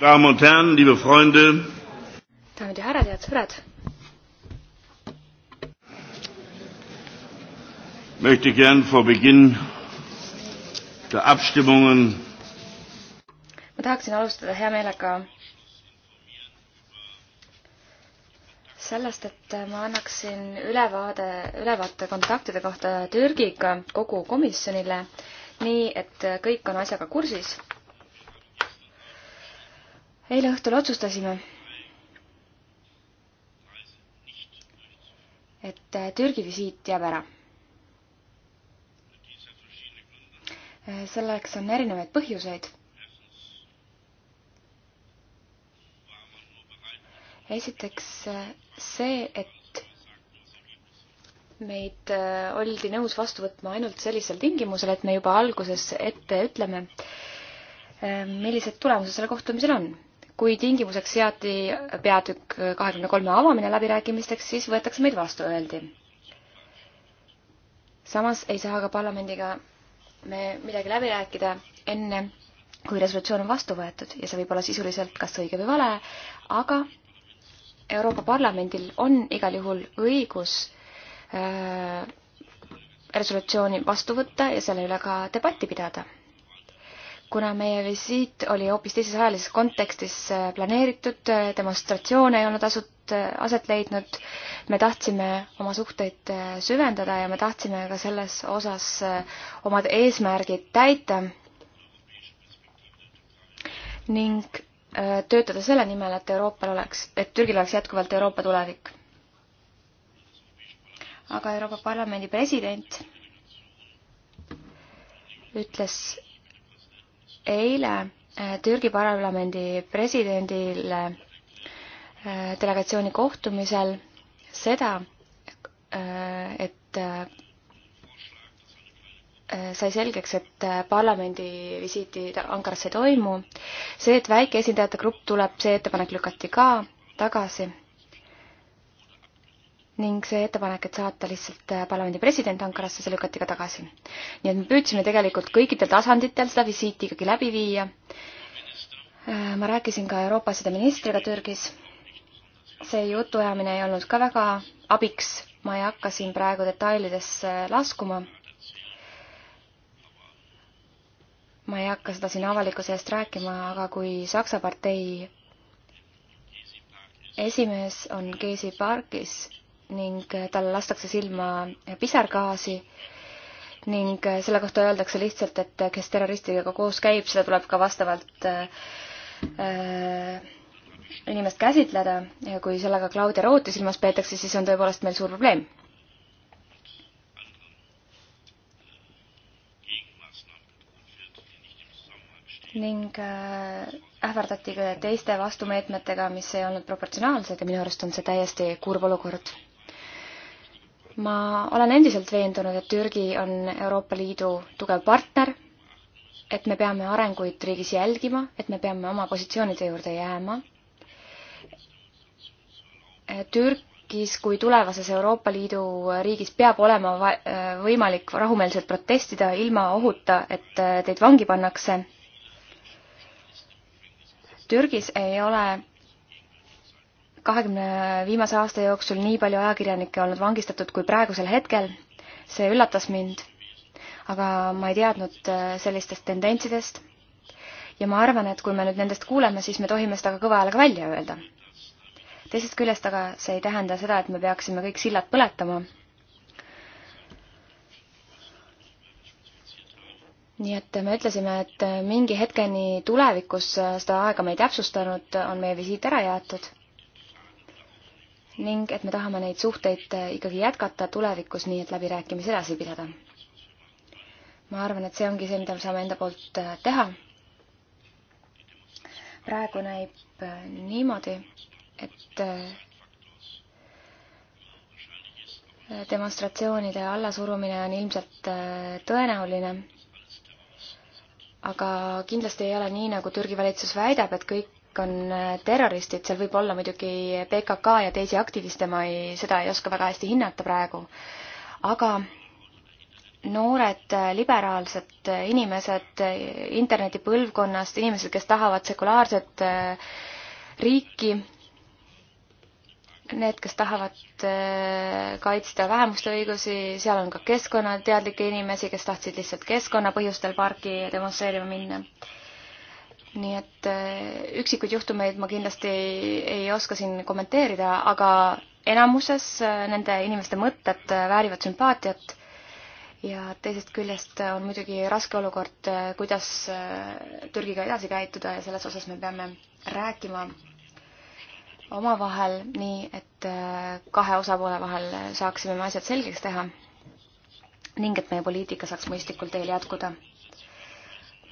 Damen und Herren, liebe Freunde. Daamid ja härrad, head sõbrad. Möchte gern vor Beginn der Abstimmungen ma tahaksin alustada hea meelega sellest, et ma annaksin ülevaade, ülevaate kontaktide kohta Türgiga kogu komisjonile, nii et kõik on asjaga kursis eile õhtul otsustasime, et äh, Türgi visiit jääb ära. Äh, selleks on erinevaid põhjuseid. esiteks äh, see, et meid oldi nõus vastu võtma ainult sellisel tingimusel, et me juba alguses ette ütleme, millised tulemused sellel kohtumisel on kui tingimuseks seati peatükk kahekümne kolme avamine läbirääkimisteks, siis võetakse meid vastu, öeldi. samas ei saa ka parlamendiga me midagi läbi rääkida enne, kui resolutsioon on vastu võetud ja see võib olla sisuliselt kas õige või vale, aga Euroopa Parlamendil on igal juhul õigus äh, resolutsiooni vastu võtta ja selle üle ka debatti pidada kuna meie visiit oli hoopis teises ajalises kontekstis äh, planeeritud, äh, demonstratsioone ei olnud asut-, aset leidnud, me tahtsime oma suhteid äh, süvendada ja me tahtsime ka selles osas omad eesmärgid täita ning töötada selle nimel, et Euroopal oleks, et Türgil oleks jätkuvalt Euroopa tulevik. aga Euroopa Parlamendi president ütles eile äh, Türgi parlamendi presidendile äh, delegatsiooni kohtumisel seda, äh, et sai selgeks, et parlamendi visiiti Ankarasse ei toimu. see, et väike esindajate grupp tuleb, see ettepanek lükati ka tagasi ning see ettepanek, et saata lihtsalt äh, parlamendi president Ankarasse, see lükati ka tagasi. nii et me püüdsime tegelikult kõikidel tasanditel seda visiiti ikkagi läbi viia. Äh, ma rääkisin ka Euroopa asjade ministriga Türgis. see jutuajamine ei olnud ka väga abiks, ma ei hakka siin praegu detailidesse laskuma. ma ei hakka seda siin avalikkuse eest rääkima, aga kui Saksa partei esimees on Gezi pargis ning eh, talle lastakse silma eh, pisargaasi ning eh, selle kohta öeldakse lihtsalt, et kes terroristidega koos käib, seda tuleb ka vastavalt äh, inimest käsitleda ja kui sellega Claudia Rooti silmas peetakse, siis on tõepoolest meil suur probleem. ning ähvardati ka teiste vastumeetmetega, mis ei olnud proportsionaalsed ja minu arust on see täiesti kurb olukord ma olen endiselt veendunud, et Türgi on Euroopa Liidu tugev partner, et me peame arenguid riigis jälgima, et me peame oma positsioonide juurde jääma. Türgis kui tulevases Euroopa Liidu riigis peab olema võimalik rahumeelselt protestida ilma ohuta, et teid vangi pannakse. Türgis ei ole kahekümne viimase aasta jooksul nii palju ajakirjanikke olnud vangistatud kui praegusel hetkel. see üllatas mind, aga ma ei teadnud äh, sellistest tendentsidest. ja ma arvan, et kui me nüüd nendest kuuleme, siis me tohime seda ka kõva häälega välja öelda. teisest küljest aga see ei tähenda seda, et me peaksime kõik sillad põletama. nii et me ütlesime, et mingi hetkeni tulevikus äh, seda aega me ei täpsustanud, on meie visiit ära jäetud ning et me tahame neid suhteid äh, ikkagi jätkata tulevikus, nii et läbirääkimisi edasi pidada. ma arvan, et see ongi see, mida me saame enda poolt äh, teha. praegu näib äh, niimoodi, et demonstratsioonide allasurumine on ilmselt tõenäoline aga kindlasti ei ole nii, nagu Türgi valitsus väidab, et kõik kõik on äh, terroristid, seal võib olla muidugi PKK ja teisi aktiviste, ma ei, seda ei oska väga hästi hinnata praegu. aga noored äh, liberaalsed äh, inimesed internetipõlvkonnast, inimesed, kes tahavad sekulaarset riiki, need, kes tahavad kaitsta vähemuste õigusi, seal on ka keskkonnateadlikke inimesi, kes tahtsid lihtsalt keskkonna põhjustel parki demonstreerima minna nii et äh, üksikuid juhtumeid ma kindlasti ei, ei oska siin kommenteerida, aga enamuses äh, nende inimeste mõtted äh, väärivad sümpaatiat ja teisest küljest on muidugi raske olukord, kuidas Türgiga edasi käituda ja selles osas me peame rääkima omavahel nii, et kahe osapoole vahel saaksime me asjad selgeks teha ning et meie poliitika saaks mõistlikul teel jätkuda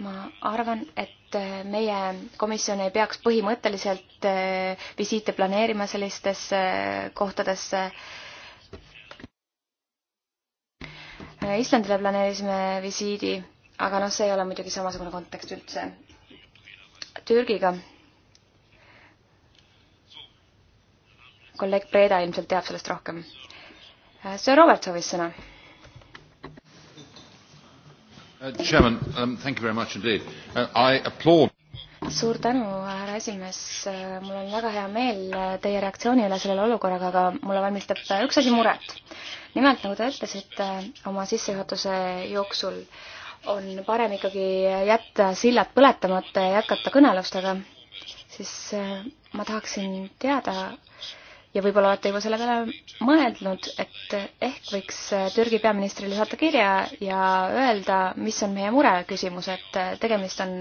ma arvan, et äh, meie komisjon ei peaks põhimõtteliselt äh, visiite planeerima sellistesse äh, kohtadesse. Islandile planeerisime visiidi, aga noh, see ei ole muidugi samasugune kontekst üldse. Türgiga. kolleeg Breda ilmselt teab sellest rohkem. Sir Robert soovis sõna Uh, Chairman, um, thank you very much indeed. Uh, I applaud suur tänu, härra esimees, uh, mul on väga hea meel uh, teie reaktsiooni üle sellele olukorraga, aga mulle valmistab üks asi muret. nimelt, nagu te ütlesite oma sissejuhatuse jooksul, on parem ikkagi jätta sillad põletamata ja jätkata kõnelustega, siis ma tahaksin teada, ja võib-olla olete juba selle peale mõelnud, et ehk võiks Türgi peaministrile saata kirja ja öelda, mis on meie mureküsimus, et tegemist on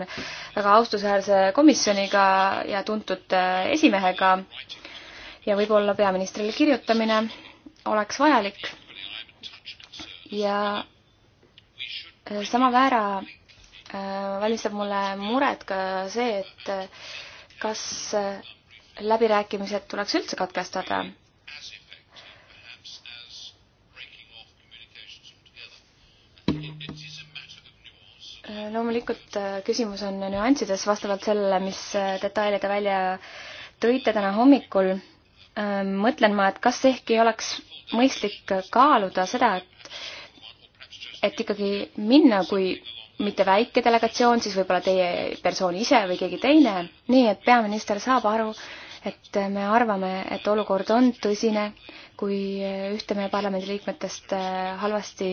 väga austusväärse komisjoniga ja tuntud esimehega ja võib-olla peaministrile kirjutamine oleks vajalik ja sama väära äh, valmistab mulle muret ka see, et kas läbirääkimised tuleks üldse katkestada. loomulikult äh, küsimus on nüanssides vastavalt sellele, mis äh, detaile te välja tõite täna hommikul. Ähm, mõtlen ma, et kas ehk ei oleks mõistlik kaaluda seda, et, et ikkagi minna, kui mitte väike delegatsioon, siis võib-olla teie persoon ise või keegi teine, nii et peaminister saab aru, et me arvame, et olukord on tõsine, kui ühte meie parlamendiliikmetest äh, halvasti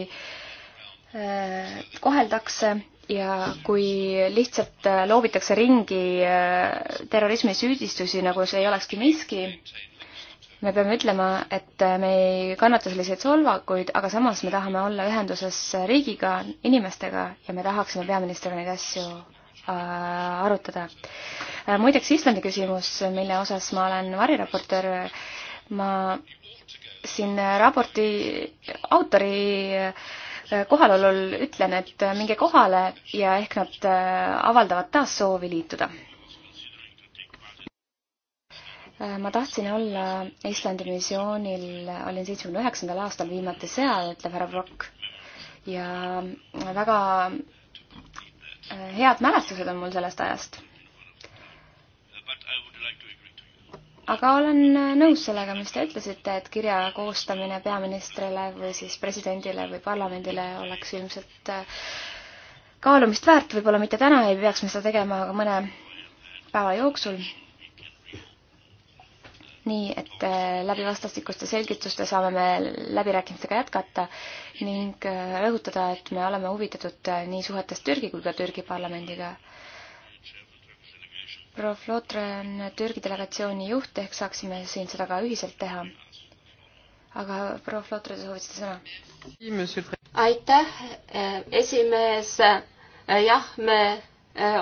äh, koheldakse ja kui lihtsalt äh, loobitakse ringi terrorismisüüdistusi, nagu see ei olekski miski, me peame ütlema, et me ei kannata selliseid solvanguid, aga samas me tahame olla ühenduses riigiga, inimestega ja me tahaksime peaministrile neid asju Äh, arutada. Äh, muideks Islandi küsimus, mille osas ma olen variraportöör, ma siin raporti autori äh, kohalolul ütlen, et minge kohale ja ehk nad avaldavad taas soovi liituda. ma tahtsin olla Islandi missioonil, olin seitsmekümne üheksandal aastal viimati seal, ütleb härra Brock. ja väga head mälestused on mul sellest ajast. aga olen nõus sellega, mis te ütlesite, et kirja koostamine peaministrile või siis presidendile või parlamendile oleks ilmselt äh, kaalumist väärt, võib-olla mitte täna ei peaks me seda tegema, aga mõne päeva jooksul nii et äh, läbi vastastikuste selgituste saame me läbirääkimistega jätkata ning äh, rõhutada, et me oleme huvitatud äh, nii suhetest Türgi kui ka Türgi parlamendiga. proua Flotre on Türgi delegatsiooni juht, ehk saaksime siin seda ka ühiselt teha. aga proua Flotre, te soovisite sõna? aitäh, esimees. jah, me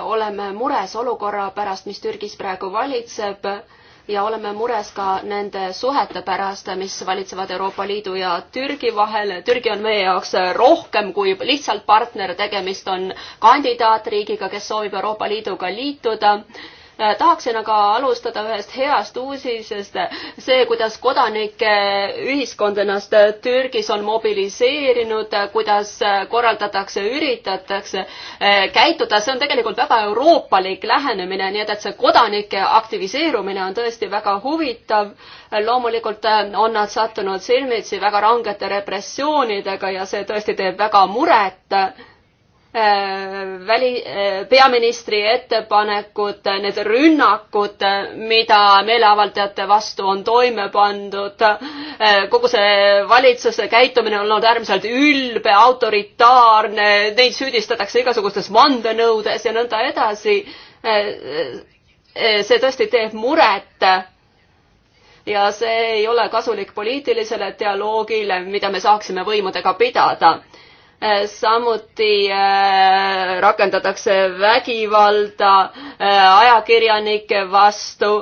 oleme mures olukorra pärast, mis Türgis praegu valitseb ja oleme mures ka nende suhete pärast, mis valitsevad Euroopa Liidu ja Türgi vahel. Türgi on meie jaoks rohkem kui lihtsalt partner, tegemist on kandidaatriigiga, kes soovib Euroopa Liiduga liituda Äh, tahaksin aga alustada ühest heast uudisest, see, kuidas kodanike ühiskond ennast Türgis on mobiliseerinud, kuidas korraldatakse, üritatakse äh, käituda, see on tegelikult väga euroopalik lähenemine, nii et, et see kodanike aktiviseerumine on tõesti väga huvitav. loomulikult äh, on nad sattunud silmitsi väga rangete repressioonidega ja see tõesti teeb väga muret väli, peaministri ettepanekud, need rünnakud, mida meeleavaldajate vastu on toime pandud, kogu see valitsuse käitumine on olnud äärmiselt ülbe, autoritaarne, neid süüdistatakse igasugustes vandenõudes ja nõnda edasi. see tõesti teeb muret ja see ei ole kasulik poliitilisele dialoogile, mida me saaksime võimudega pidada Eh, samuti eh, rakendatakse vägivalda eh, ajakirjanike vastu,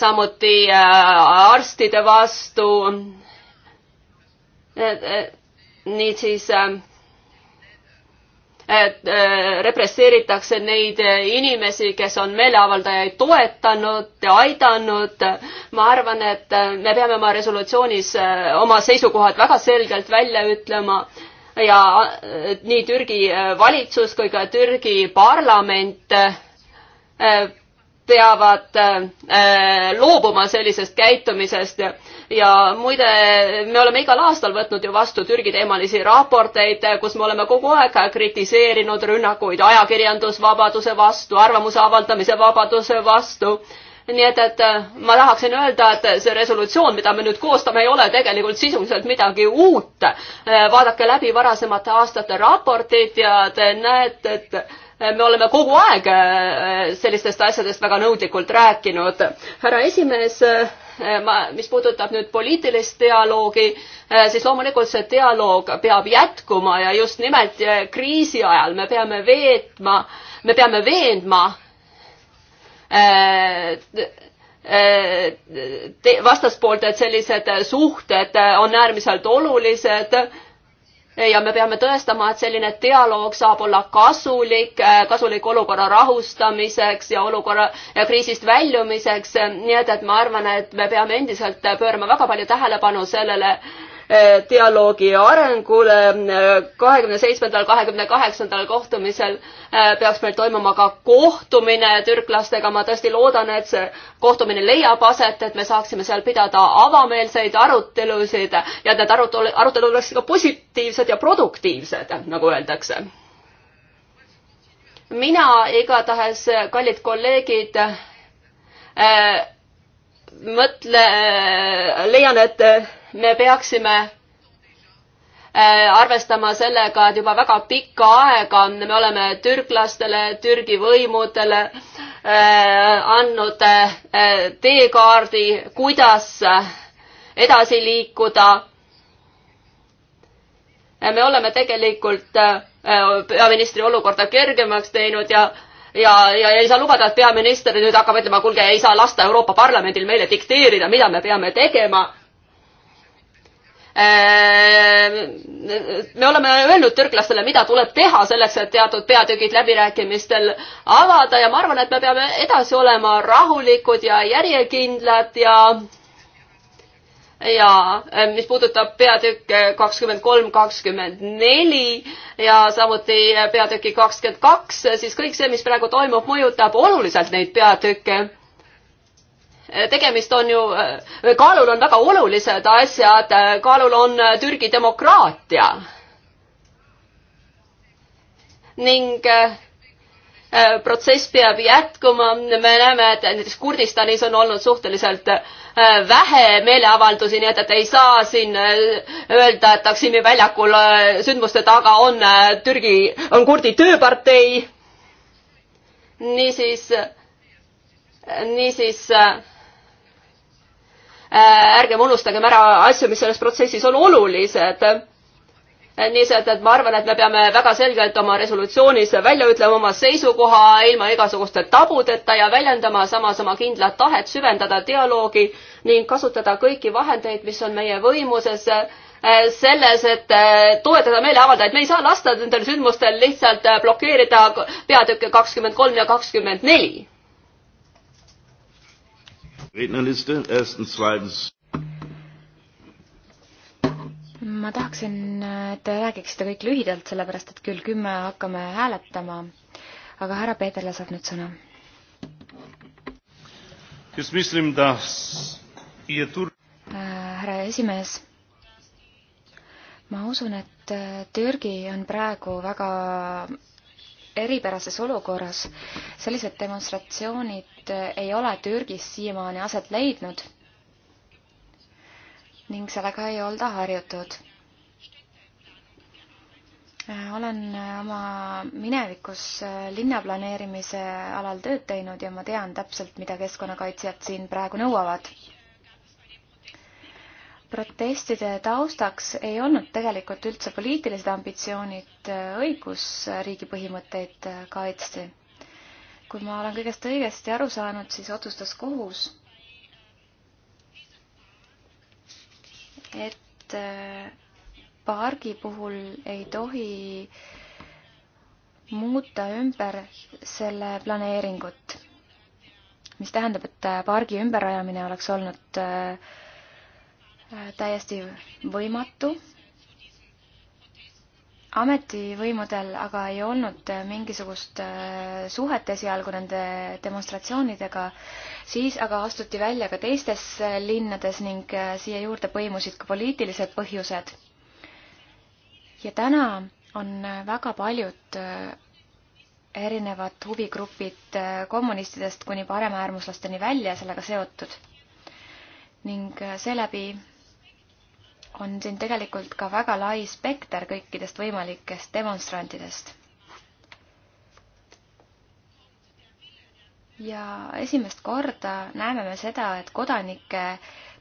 samuti arstide vastu. niisiis et represseeritakse neid inimesi, kes on meeleavaldajaid toetanud ja aidanud. ma arvan, et me peame oma resolutsioonis oma seisukohad väga selgelt välja ütlema ja äh, nii Türgi äh, valitsus kui ka Türgi parlament äh, peavad loobuma sellisest käitumisest ja muide, me oleme igal aastal võtnud ju vastu Türgi-teemalisi raporteid, kus me oleme kogu aeg kritiseerinud rünnakuid ajakirjandusvabaduse vastu, arvamuse avaldamise vabaduse vastu nii et, et äh, ma tahaksin öelda, et see resolutsioon, mida me nüüd koostame, ei ole tegelikult sisuliselt midagi uut. Äh, vaadake läbi varasemate aastate raportid ja te näete, et äh, me oleme kogu aeg sellistest asjadest väga nõudlikult rääkinud. härra esimees, ma, mis puudutab nüüd poliitilist dialoogi, siis loomulikult see dialoog peab jätkuma ja just nimelt kriisi ajal me peame veetma, me peame veendma Äh, äh, vastaspoolt, et sellised suhted on äärmiselt olulised ja me peame tõestama, et selline dialoog saab olla kasulik, äh, kasulik olukorra rahustamiseks ja olukorra ja kriisist väljumiseks. nii et, et ma arvan, et me peame endiselt pöörama väga palju tähelepanu sellele äh, Eh, dialoogi arengule. kahekümne seitsmendal, kahekümne kaheksandal kohtumisel eh, peaks meil toimuma ka kohtumine türklastega. ma tõesti loodan, et see kohtumine leiab aset, et me saaksime seal pidada avameelseid arutelusid ja et need arutelu, arutelud oleksid ka positiivsed ja produktiivsed, nagu öeldakse. mina igatahes, kallid kolleegid äh,, mõtle, äh, leian, et äh, me peaksime äh, arvestama sellega, et juba väga pikka aega me oleme türklastele, Türgi võimudele andnud teekaardi, kuidas edasi liikuda. me oleme tegelikult peaministri olukorda kergemaks teinud ja ja, ja ei saa lubada, et peaminister nüüd hakkab ütlema, kuulge, ei saa lasta Euroopa Parlamendil meile dikteerida, mida me peame tegema. Ehm, me oleme öelnud türklastele, mida tuleb teha selleks, et teatud peatükid läbirääkimistel avada ja ma arvan, et me peame edasi olema rahulikud ja järjekindlad ja ja äh, mis puudutab peatükk äh, kakskümmend kolm, kakskümmend neli ja samuti äh, peatüki kakskümmend kaks, siis kõik see, mis praegu toimub, mõjutab oluliselt neid peatükke. tegemist on ju, kaalul on väga olulised asjad, kaalul on Türgi demokraatia. ning äh, Äh, protsess peab jätkuma, me näeme, et näiteks Kurdistanis on olnud suhteliselt äh, vähe meeleavaldusi, nii et, et ei saa siin äh, öelda, et Taksimi väljakul sündmuste taga on Türgi, on kurdi tööpartei. niisiis, niisiis ärgem unustagem ära asju, mis selles protsessis on olulised Eh, nii et, et ma arvan, et me peame väga selgelt oma resolutsioonis välja ütlema oma seisukoha ilma igasuguste tabudeta ja väljendama samas oma kindlat tahet süvendada dialoogi ning kasutada kõiki vahendeid, mis on meie võimuses eh, selles, et eh, toetada meeleavaldajaid, me ei saa lasta nendel sündmustel lihtsalt blokeerida peatükke kakskümmend kolm ja kakskümmend neli. Rednerliste erstens, zweitens ma tahaksin, äh, et te räägiksite kõik lühidalt, sellepärast et kell kümme hakkame hääletama. aga härra Peeterle saab nüüd sõna. Äh, härra esimees, ma usun, et äh, Türgi on praegu väga eripärases olukorras. sellised demonstratsioonid ei ole Türgis siiamaani aset leidnud ning sellega ei olda harjutud. olen oma minevikus linnaplaneerimise alal tööd teinud ja ma tean täpselt, mida keskkonnakaitsjad siin praegu nõuavad. protestide taustaks ei olnud tegelikult üldse poliitilised ambitsioonid õigusriigi põhimõtteid kaitsta kui ma olen kõigest õigesti aru saanud, siis otsustas kohus, et äh, pargi puhul ei tohi muuta ümber selle planeeringut, mis tähendab, et äh, pargi ümberajamine oleks olnud äh, täiesti võimatu ametivõimudel aga ei olnud äh, mingisugust äh, suhet esialgu nende demonstratsioonidega, siis aga astuti välja ka teistes äh, linnades ning siia juurde põimusid ka poliitilised põhjused. ja täna on väga paljud erinevad huvigrupid kommunistidest kuni paremäärmuslasteni välja sellega seotud. ning seeläbi on siin tegelikult ka väga lai spekter kõikidest võimalikest demonstrantidest. ja esimest korda näeme me seda, et kodanike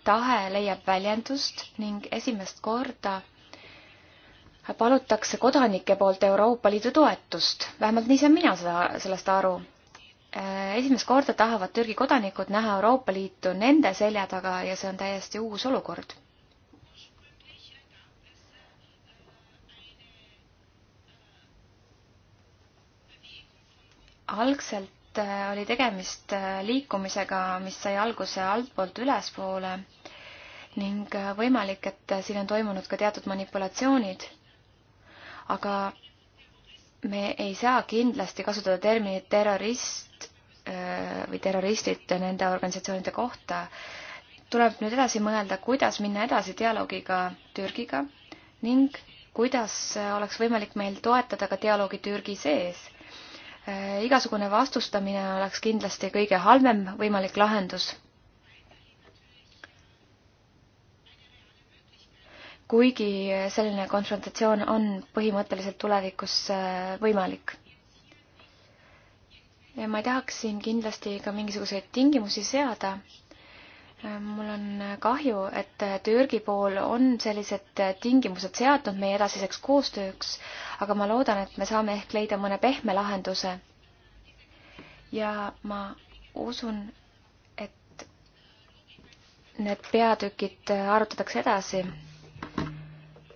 tahe leiab väljendust ning esimest korda palutakse kodanike poolt Euroopa Liidu toetust, vähemalt nii saan mina seda, sellest aru. Äh, esimest korda tahavad Türgi kodanikud näha Euroopa Liitu nende selja taga ja see on täiesti uus olukord algselt äh, oli tegemist äh, liikumisega, mis sai alguse altpoolt ülespoole ning äh, võimalik, et siin on toimunud ka teatud manipulatsioonid. aga me ei saa kindlasti kasutada terminit terrorist või terroristid nende organisatsioonide kohta. tuleb nüüd edasi mõelda, kuidas minna edasi dialoogiga Türgiga ning kuidas oleks võimalik meil toetada ka dialoogi Türgi sees Äh, igasugune vastustamine oleks kindlasti kõige halvem võimalik lahendus. kuigi selline konfrontatsioon on põhimõtteliselt tulevikus äh, võimalik. ja ma ei tahaks siin kindlasti ka mingisuguseid tingimusi seada mul on kahju, et Türgi pool on sellised tingimused seadnud meie edasiseks koostööks, aga ma loodan, et me saame ehk leida mõne pehme lahenduse. ja ma usun, et need peatükid arutatakse edasi.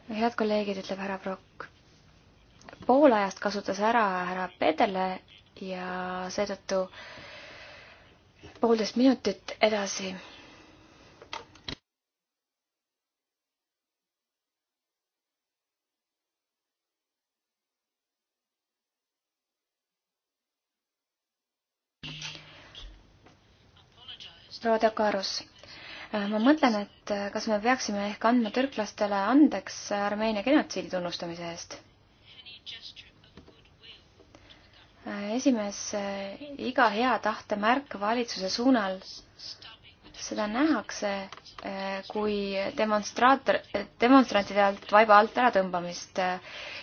head kolleegid, ütleb härra Prokk. pool ajast kasutas ära härra Pedele ja seetõttu poolteist minutit edasi proua Dakarus, äh, ma mõtlen, et äh, kas me peaksime ehk andma türklastele andeks äh, Armeenia genotsiidi tunnustamise eest? esimees, iga hea tahte märk valitsuse suunal, seda nähakse kui demonstraator, demonstrantide alt vaiba alt ära tõmbamist.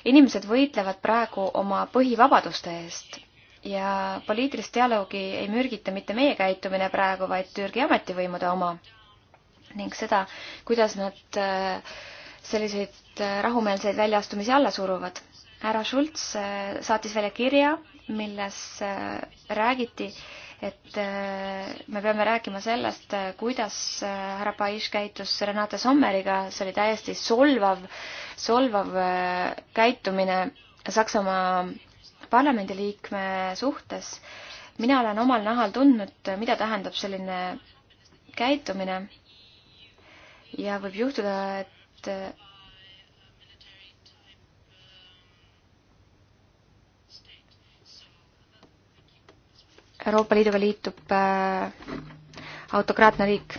inimesed võitlevad praegu oma põhivabaduste eest ja poliitilist dialoogi ei mürgita mitte meie käitumine praegu, vaid Türgi ametivõimude oma ning seda, kuidas nad äh, selliseid äh, rahumeelseid väljaastumisi alla suruvad. härra Schulz äh, saatis välja kirja, milles räägiti, et me peame rääkima sellest, kuidas härra Paiš käitus Renate Sommeriga, see oli täiesti solvav, solvav käitumine Saksamaa parlamendiliikme suhtes. mina olen omal nahal tundnud, mida tähendab selline käitumine. ja võib juhtuda, et Euroopa Liiduga liitub äh, autokraatne riik.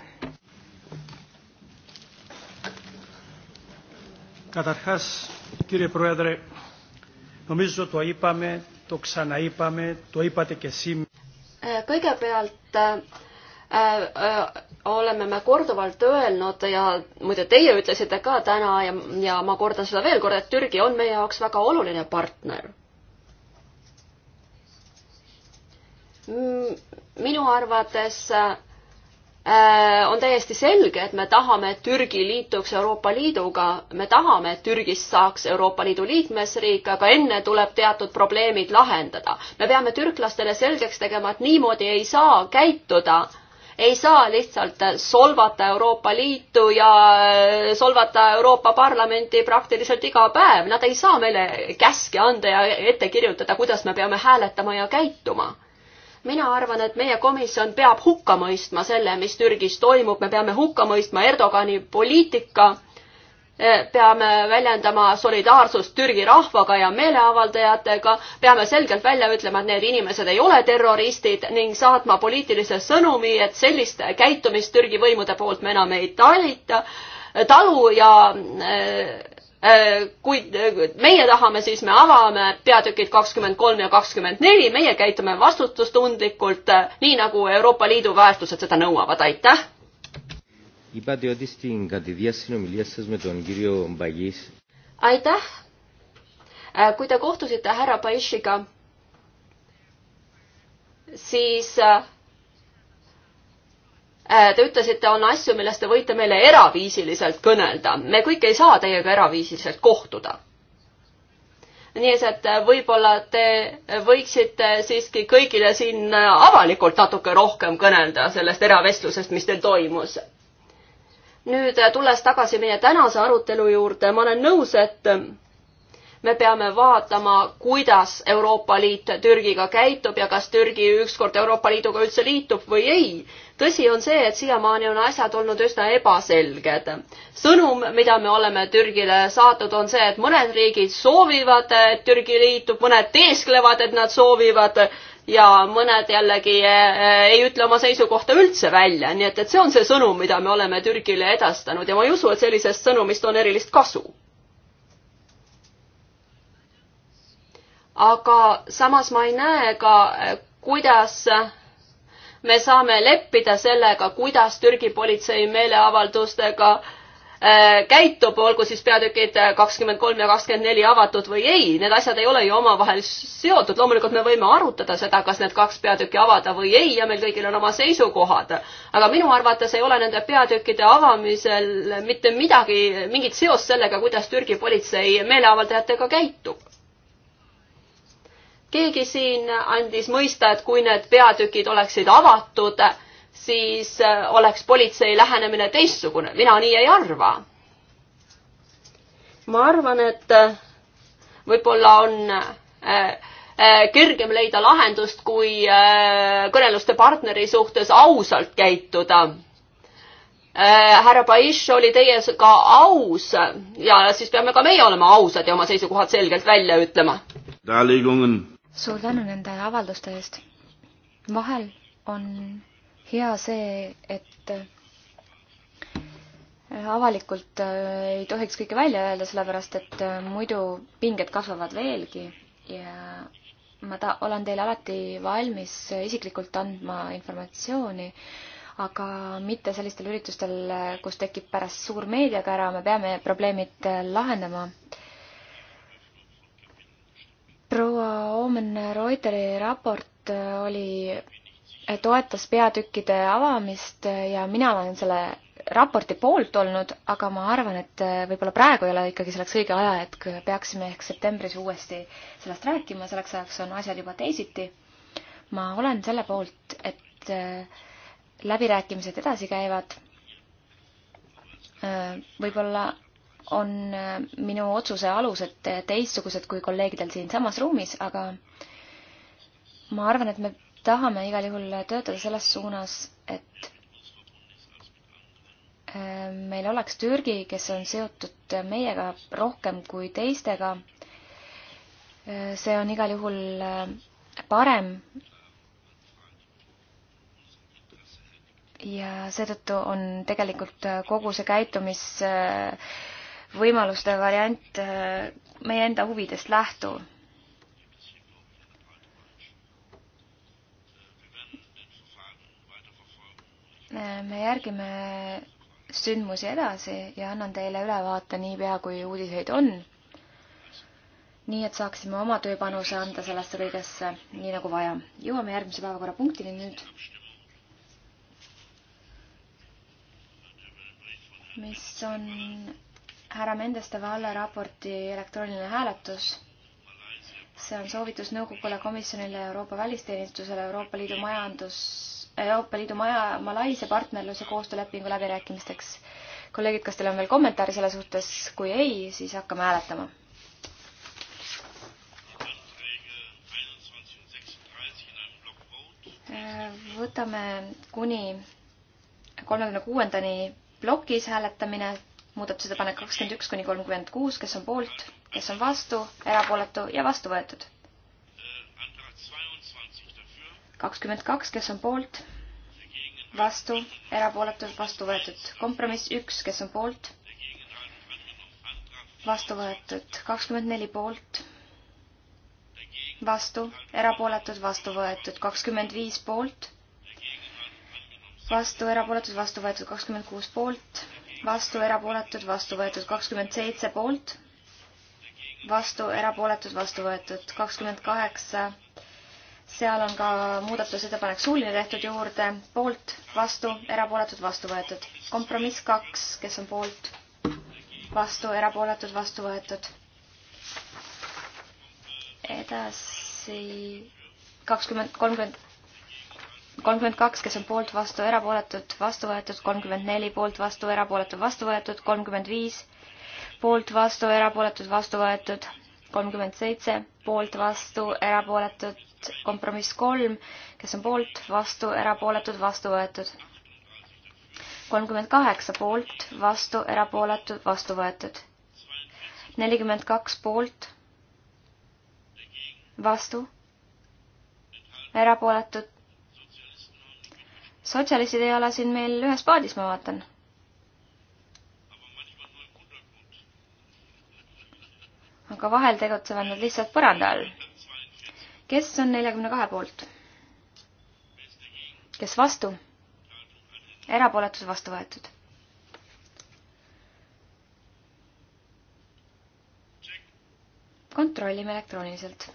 Καταρχάς, κύριε Πρόεδρε, Νομίζω το είπαμε, το ξαναείπαμε, το είπατε και σήμερα. Kõigepealt äh, äh, oleme me korduvalt öelnud ja muide teie ütlesite ka täna ja, ja ma kordan seda veel kord, et Türgi on meie jaoks väga oluline partner minu arvates Äh, on täiesti selge, et me tahame, et Türgi liituks Euroopa Liiduga, me tahame, et Türgist saaks Euroopa Liidu liikmesriik, aga enne tuleb teatud probleemid lahendada. me peame türklastele selgeks tegema, et niimoodi ei saa käituda. ei saa lihtsalt solvata Euroopa Liitu ja äh, solvata Euroopa Parlamenti praktiliselt iga päev, nad ei saa meile käske anda ja ette kirjutada, kuidas me peame hääletama ja käituma mina arvan, et meie komisjon peab hukka mõistma selle, mis Türgis toimub, me peame hukka mõistma Erdogani poliitika, e, peame väljendama solidaarsust Türgi rahvaga ja meeleavaldajatega, peame selgelt välja ütlema, et need inimesed ei ole terroristid ning saatma poliitilise sõnumi, et sellist käitumist Türgi võimude poolt me enam ei talita, talu ja äh, Äh, kui äh, meie tahame, siis me avame peatükid kakskümmend kolm ja kakskümmend neli, meie käitume vastutustundlikult, äh, nii nagu Euroopa Liidu väärtused seda nõuavad, aitäh. aitäh. kui te kohtusite härra Baishiga, siis Äh, te ütlesite, on asju, millest te võite meile eraviisiliselt kõnelda. me kõik ei saa teiega eraviisiliselt kohtuda. nii et, et äh, võib-olla te võiksite siiski kõigile siin äh, avalikult natuke rohkem kõnelda sellest eravestlusest, mis teil toimus. nüüd tulles tagasi meie tänase arutelu juurde, ma olen nõus, et me peame vaatama, kuidas Euroopa Liit Türgiga käitub ja kas Türgi ükskord Euroopa Liiduga üldse liitub või ei tõsi on see, et siiamaani on asjad olnud üsna ebaselged. sõnum, mida me oleme Türgile saatnud, on see, et mõned riigid soovivad, et Türgi liitub, mõned teesklevad, et nad soovivad ja mõned jällegi eh, ei ütle oma seisukohta üldse välja, nii et, et see on see sõnum, mida me oleme Türgile edastanud ja ma ei usu, et sellisest sõnumist on erilist kasu. aga samas ma ei näe ka, eh, kuidas me saame leppida sellega, kuidas Türgi politsei meeleavaldustega äh, käitub, olgu siis peatükid kakskümmend kolm ja kakskümmend neli avatud või ei, need asjad ei ole ju omavahel seotud, loomulikult me võime arutada seda, kas need kaks peatükki avada või ei ja meil kõigil on oma seisukohad. aga minu arvates ei ole nende peatükkide avamisel mitte midagi, mingit seost sellega, kuidas Türgi politsei meeleavaldajatega käitub keegi siin andis mõista, et kui need peatükid oleksid avatud, siis äh, oleks politsei lähenemine teistsugune. mina nii ei arva. ma arvan, et äh, võib-olla on äh, kergem leida lahendust, kui kõneluste partneri suhtes ausalt käituda. härra Paish oli teiega aus ja siis peame ka meie olema ausad ja oma seisukohad selgelt välja ütlema. Darlegungen suur tänu nende avalduste eest. vahel on hea see, et äh, avalikult äh, ei tohiks kõike välja öelda, sellepärast et äh, muidu pinged kasvavad veelgi ja ma ta-, olen teile alati valmis isiklikult andma informatsiooni, aga mitte sellistel üritustel, kus tekib pärast suur meediakära, me peame probleemid lahendama äh, proua Omen Reuteri raport äh, oli, äh, toetas peatükkide avamist äh, ja mina olen selle raporti poolt olnud, aga ma arvan, et võib-olla praegu ei ole ikkagi selleks õige ajahetk, peaksime ehk septembris uuesti sellest rääkima, selleks ajaks on asjad juba teisiti. ma olen selle poolt, et läbirääkimised edasi käivad. võib-olla on äh, minu otsuse alused äh, teistsugused kui kolleegidel siinsamas ruumis, aga ma arvan, et me tahame igal juhul töötada selles suunas, et äh, meil oleks Türgi, kes on seotud meiega rohkem kui teistega. see on igal juhul parem. ja seetõttu on tegelikult kogu see käitumis äh, võimaluste variant äh, meie enda huvidest lähtuv. me järgime sündmusi edasi ja annan teile ülevaate niipea, kui uudiseid on. nii et saaksime oma tööpanuse anda sellesse kõigesse nii nagu vaja. jõuame järgmise päevakorrapunktini nüüd. mis on härra Mendeste Valle raporti elektrooniline hääletus. see on soovitus nõukogule, komisjonile, Euroopa välisteenistusele, Euroopa Liidu majandus, Euroopa Liidu maja, Malaisia partnerluse koostöölepingu läbirääkimisteks. kolleegid, kas teil on veel kommentaare selle suhtes, kui ei, siis hakkame hääletama võtame kuni kolmekümne kuuendani plokis hääletamine muudatusettepanek kakskümmend üks kuni kolmkümmend kuus, kes on poolt, kes on vastu, erapooletu ja vastu võetud. kakskümmend kaks, kes on poolt, vastu, erapooletud, vastu võetud. kompromiss üks, kes on poolt, vastu võetud. kakskümmend neli poolt, vastu, erapooletud, vastu võetud. kakskümmend viis poolt, vastu, erapooletud, vastu võetud. kakskümmend kuus poolt vastu, erapooletud, vastu võetud kakskümmend seitse poolt, vastu, erapooletud, vastu võetud kakskümmend kaheksa. seal on ka muudatusettepanek suuline tehtud juurde, poolt, vastu, erapooletud, vastu võetud. kompromiss kaks, kes on poolt, vastu, erapooletud, vastu võetud. edasi kakskümmend, kolmkümmend kolmkümmend kaks, kes on poolt, vastu, erapooletud, vastu võetud, kolmkümmend neli, poolt, vastu, erapooletud, vastu võetud, kolmkümmend viis, poolt, vastu, erapooletud, vastu võetud, kolmkümmend seitse, poolt, vastu, erapooletud, kompromiss kolm, kes on poolt, vastu, erapooletud, vastu võetud. kolmkümmend kaheksa poolt, vastu, erapooletud, vastu võetud. nelikümmend kaks poolt, vastu, erapooletud, sotsialistid ei ole siin meil ühes paadis, ma vaatan. aga vahel tegutsevad nad lihtsalt põranda all. kes on neljakümne kahe poolt? kes vastu? erapooletus vastu võetud. kontrollime elektrooniliselt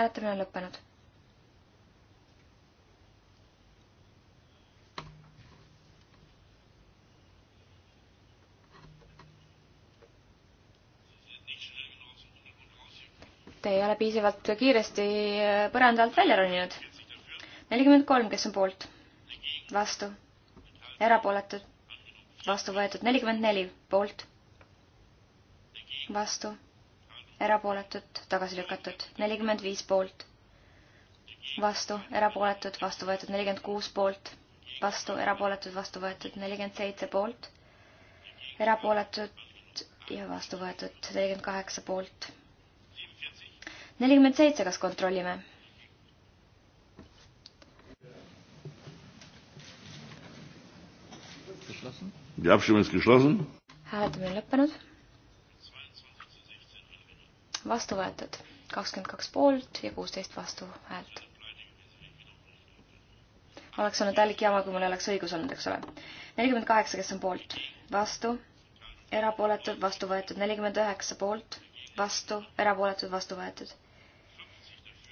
hääletamine on lõppenud. Te ei ole piisavalt kiiresti põranda alt välja roninud. nelikümmend kolm, kes on poolt? vastu. erapooletud? vastu võetud. nelikümmend neli, poolt? vastu erapooletud, tagasi lükatud, nelikümmend viis poolt, vastu, erapooletud, vastu võetud, nelikümmend kuus poolt, vastu, erapooletud, vastu võetud, nelikümmend seitse poolt, erapooletud ja vastu võetud, nelikümmend kaheksa poolt. nelikümmend seitse, kas kontrollime? hääletamine on lõppenud vastu võetud kakskümmend kaks poolt ja kuusteist vastuhäält. oleks olnud täielik jama, kui mul oleks õigus olnud, eks ole. nelikümmend kaheksa, kes on poolt, vastu, erapooletud, vastu võetud, nelikümmend üheksa poolt, vastu, erapooletud, vastu võetud.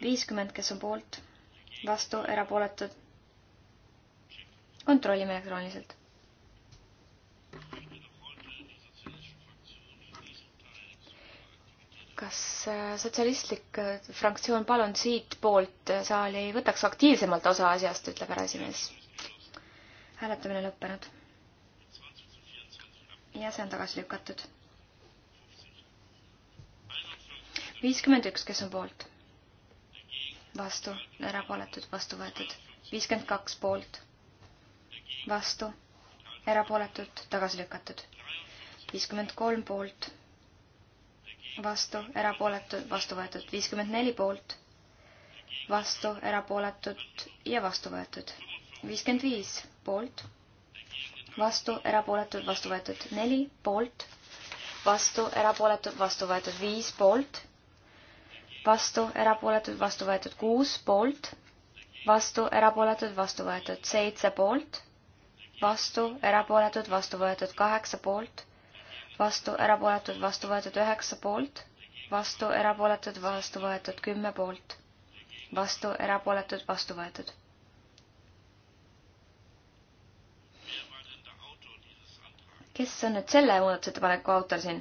viiskümmend, kes on poolt, vastu, erapooletud. kontrollime elektrooniliselt. kas äh, sotsialistlik äh, fraktsioon palun siitpoolt äh, saali võtaks aktiivsemalt osa asjast, ütleb härra esimees. hääletamine lõppenud. ja see on tagasi lükatud. viiskümmend üks, kes on poolt? vastu, erapooletud, vastu võetud. viiskümmend kaks poolt, vastu, erapooletud, tagasi lükatud. viiskümmend kolm poolt vastu, erapooletud, vastu võetud. viiskümmend neli poolt, vastu, erapooletud ja vastu võetud. viiskümmend viis poolt, vastu, erapooletud, vastu võetud. neli poolt, vastu, erapooletud, vastu võetud. viis poolt, vastu, erapooletud, vastu võetud. kuus poolt, vastu, erapooletud, vastu võetud. seitse poolt, vastu, erapooletud, vastu võetud. kaheksa poolt vastu, erapooletud, vastu võetud üheksa poolt, vastu, erapooletud, vastu võetud kümme poolt, vastu, erapooletud, vastu võetud. kes on nüüd selle muudatusettepaneku autor siin?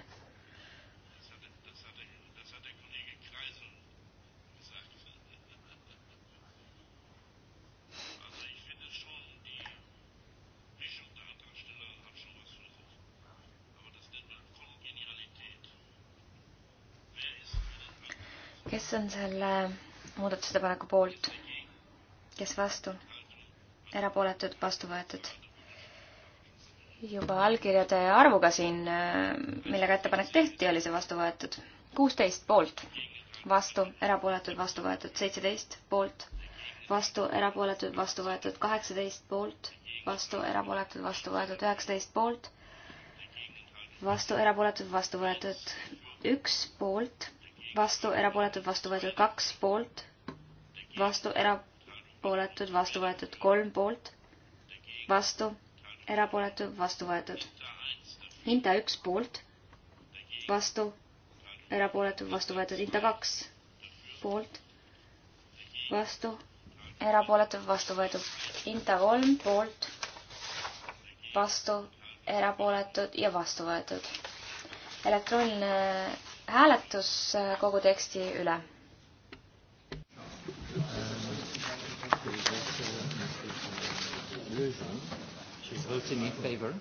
kes on selle muudatusettepaneku poolt? kes vastu? erapooletud, vastu võetud. juba allkirjade arvuga siin, äh, millega ettepanek tehti, oli see vastu võetud. kuusteist poolt, vastu, erapooletud, vastu võetud, seitseteist poolt, vastu, erapooletud, vastu võetud, kaheksateist poolt, vastu, erapooletud, vastu võetud, üheksateist poolt, vastu, erapooletud, vastu võetud, üks poolt vastu, erapooletud, vastu võetud kaks poolt, vastu, erapooletud, vastu võetud kolm poolt, vastu, erapooletud, vastu võetud. hinda üks poolt, vastu, erapooletud, vastu võetud, hinda kaks poolt, vastu, erapooletud, vastu võetud, hinda kolm poolt, vastu, erapooletud ja vastu võetud. elektrooniline hääletus äh, kogu teksti üle. She's voting in favor.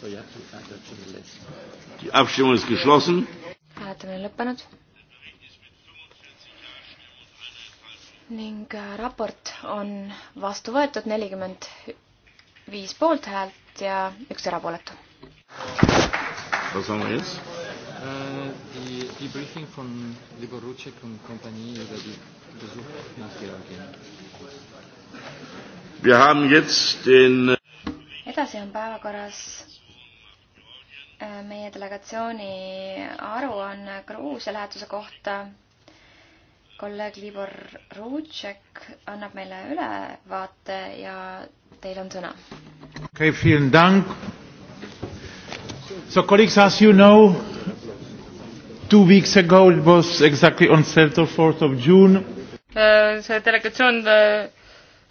So you have to add that to the list. Die Abstimmung ist geschlossen. Hääletamine on lõppenud. ning äh, raport on vastu võetud nelikümmend viis poolthäält ja üks erapooletu. kas on ees? Äh, die, die Briefing von Liborucic und Kompanie über die Besuche nach Georgien. Wir haben jetzt den uh, edasi on päevakorras uh, meie delegatsiooni aruanne Gruusia lähetuse kohta. kolleeg Libor Rutšek annab meile ülevaate ja teil on sõna. okei okay,, vielen dank. So colleagues, as you know two weeks ago, it was exactly on 3rd or 4th of June. Äh, see delegatsioon äh,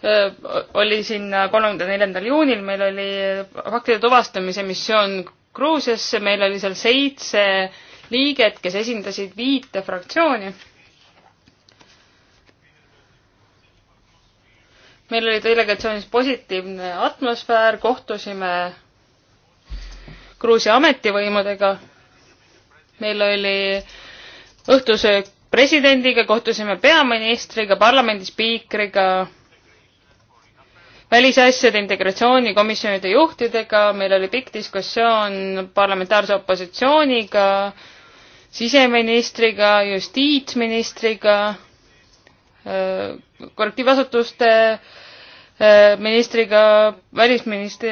äh, oli siin kolmekümne neljandal juunil, meil oli faktide tuvastamise missioon Gruusiasse, meil oli seal seitse liiget, kes esindasid viite fraktsiooni. meil oli delegatsioonis positiivne atmosfäär, kohtusime Gruusia ametivõimudega meil oli õhtusöök presidendiga, kohtusime peaministriga, parlamendi spiikriga, välisasjade integratsioonikomisjonide juhtidega, meil oli pikk diskussioon parlamentaarse opositsiooniga, siseministriga, justiitsministriga, äh, korrektiivasutuste äh, Äh, ministriga, välisministri,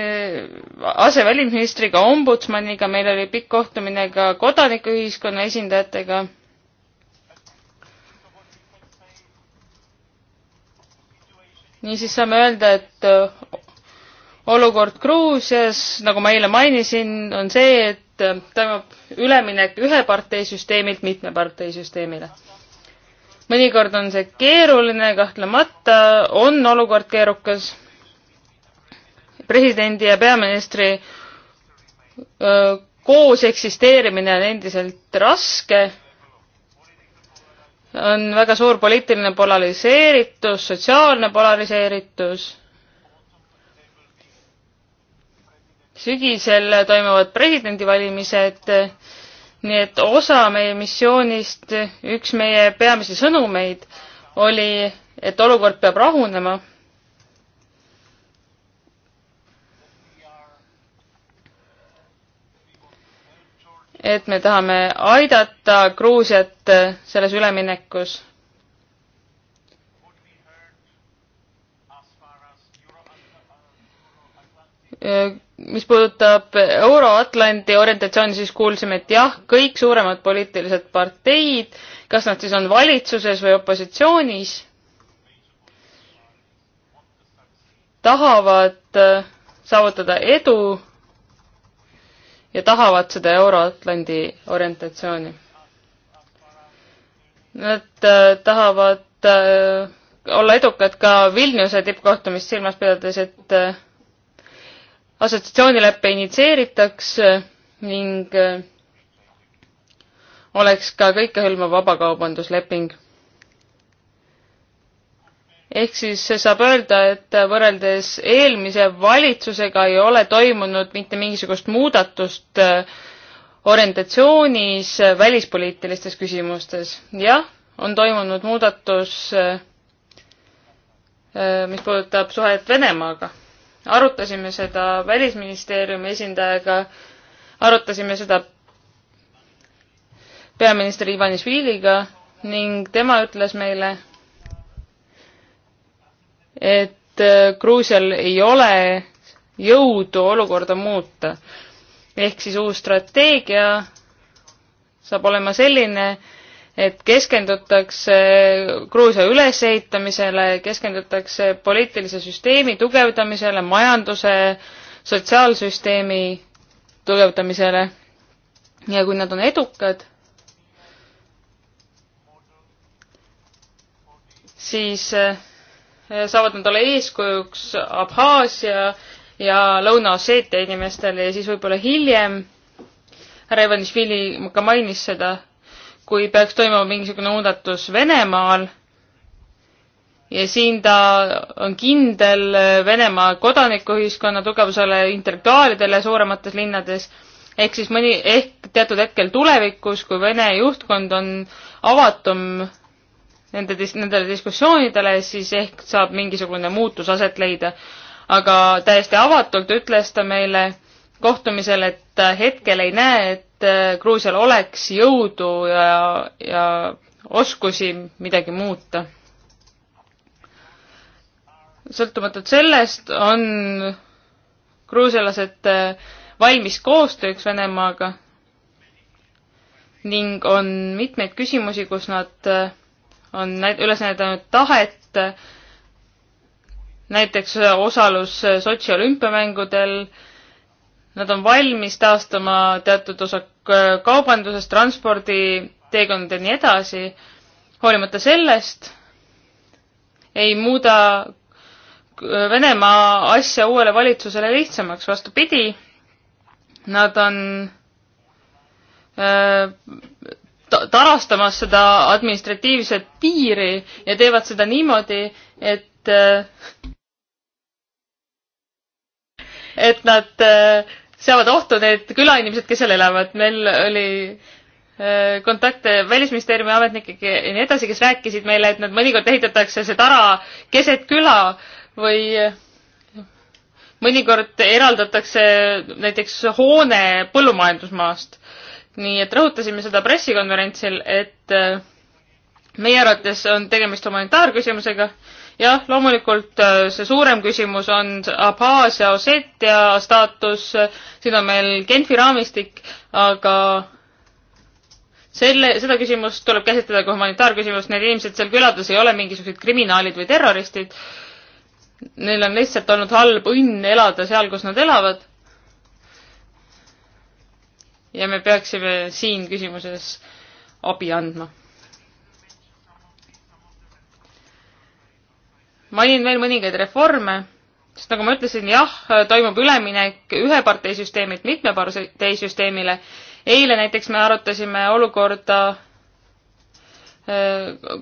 asevälisministriga, ombudsmaniga, meil oli pikk kohtumine ka kodanikuühiskonna esindajatega. niisiis saame öelda, et äh, olukord Gruusias, nagu ma eile mainisin, on see, et äh, toimub üleminek ühe parteisüsteemilt mitme parteisüsteemile mõnikord on see keeruline, kahtlemata on olukord keerukas. presidendi ja peaministri koos eksisteerimine on endiselt raske. on väga suur poliitiline polariseeritus, sotsiaalne polariseeritus. sügisel toimuvad presidendivalimised nii et osa meie missioonist, üks meie peamisi sõnumeid oli, et olukord peab rahunema. et me tahame aidata Gruusiat selles üleminekus mis puudutab Euro-Atlandi orientatsiooni, siis kuulsime, et jah, kõik suuremad poliitilised parteid, kas nad siis on valitsuses või opositsioonis, tahavad äh, saavutada edu ja tahavad seda Euro-Atlandi orientatsiooni. Nad äh, tahavad äh, olla edukad ka Vilniuse tippkohtumist silmas pidades, et assotsiatsioonileppe initsieeritaks äh, ning äh, oleks ka kõikehõlmav vabakaubandusleping. ehk siis saab öelda, et võrreldes eelmise valitsusega ei ole toimunud mitte mingisugust muudatust äh, orientatsioonis välispoliitilistes küsimustes. jah, on toimunud muudatus, mis puudutab suhet Venemaaga arutasime seda Välisministeeriumi esindajaga, arutasime seda peaminister Ivanišviliga ning tema ütles meile, et äh, Gruusial ei ole jõudu olukorda muuta. ehk siis uus strateegia saab olema selline, et keskendutakse Gruusia ülesehitamisele, keskendutakse poliitilise süsteemi tugevdamisele, majanduse, sotsiaalsüsteemi tugevdamisele. ja kui nad on edukad, siis eh, saavad nad olla eeskujuks Abhaasia ja Lõuna-Osseetia inimestele ja siis võib-olla hiljem, härra Ivanišvili ka mainis seda, kui peaks toimuma mingisugune muudatus Venemaal ja siin ta on kindel Venemaa kodanikuühiskonna tugevusele, intellektuaalidele suuremates linnades, ehk siis mõni, ehk teatud hetkel tulevikus, kui Vene juhtkond on avatum nende dis-, nendele diskussioonidele, siis ehk saab mingisugune muutus aset leida. aga täiesti avatult ütles ta meile kohtumisel, et hetkel ei näe, et et äh, Gruusial oleks jõudu ja, ja oskusi midagi muuta. sõltumatult sellest on gruusialased äh, valmis koostööks Venemaaga ning on mitmeid küsimusi, kus nad äh, on üles näidanud tahet, näiteks osalus Sotši olümpiamängudel, nad on valmis taastama teatud osa Äh, kaubanduses, transpordi, teekondade ja nii edasi, hoolimata sellest ei muuda Venemaa asja uuele valitsusele lihtsamaks, vastupidi, nad on äh, tarastamas seda administratiivset piiri ja teevad seda niimoodi, et äh, et nad äh, seavad ohtu need külainimesed, kes seal elavad. meil oli äh, kontakte Välisministeeriumi ametnikega ja nii edasi, kes rääkisid meile, et nad mõnikord ehitatakse see tara keset küla või äh, mõnikord eraldatakse näiteks hoone põllumajandusmaast. nii et rõhutasime seda pressikonverentsil, et äh, meie arvates on tegemist humanitaarküsimusega jah, loomulikult äh, see suurem küsimus on Abhaasia, Ossetia staatus, siin on meil Genfi raamistik, aga selle, seda küsimust tuleb käsitleda kui humanitaarküsimust, need inimesed seal külades ei ole mingisugused kriminaalid või terroristid. Neil on lihtsalt olnud halb õnn elada seal, kus nad elavad. ja me peaksime siin küsimuses abi andma mainin veel mõningaid reforme, sest nagu ma ütlesin, jah, toimub üleminek ühe parteisüsteemilt mitme parteisüsteemile. eile näiteks me arutasime olukorda äh,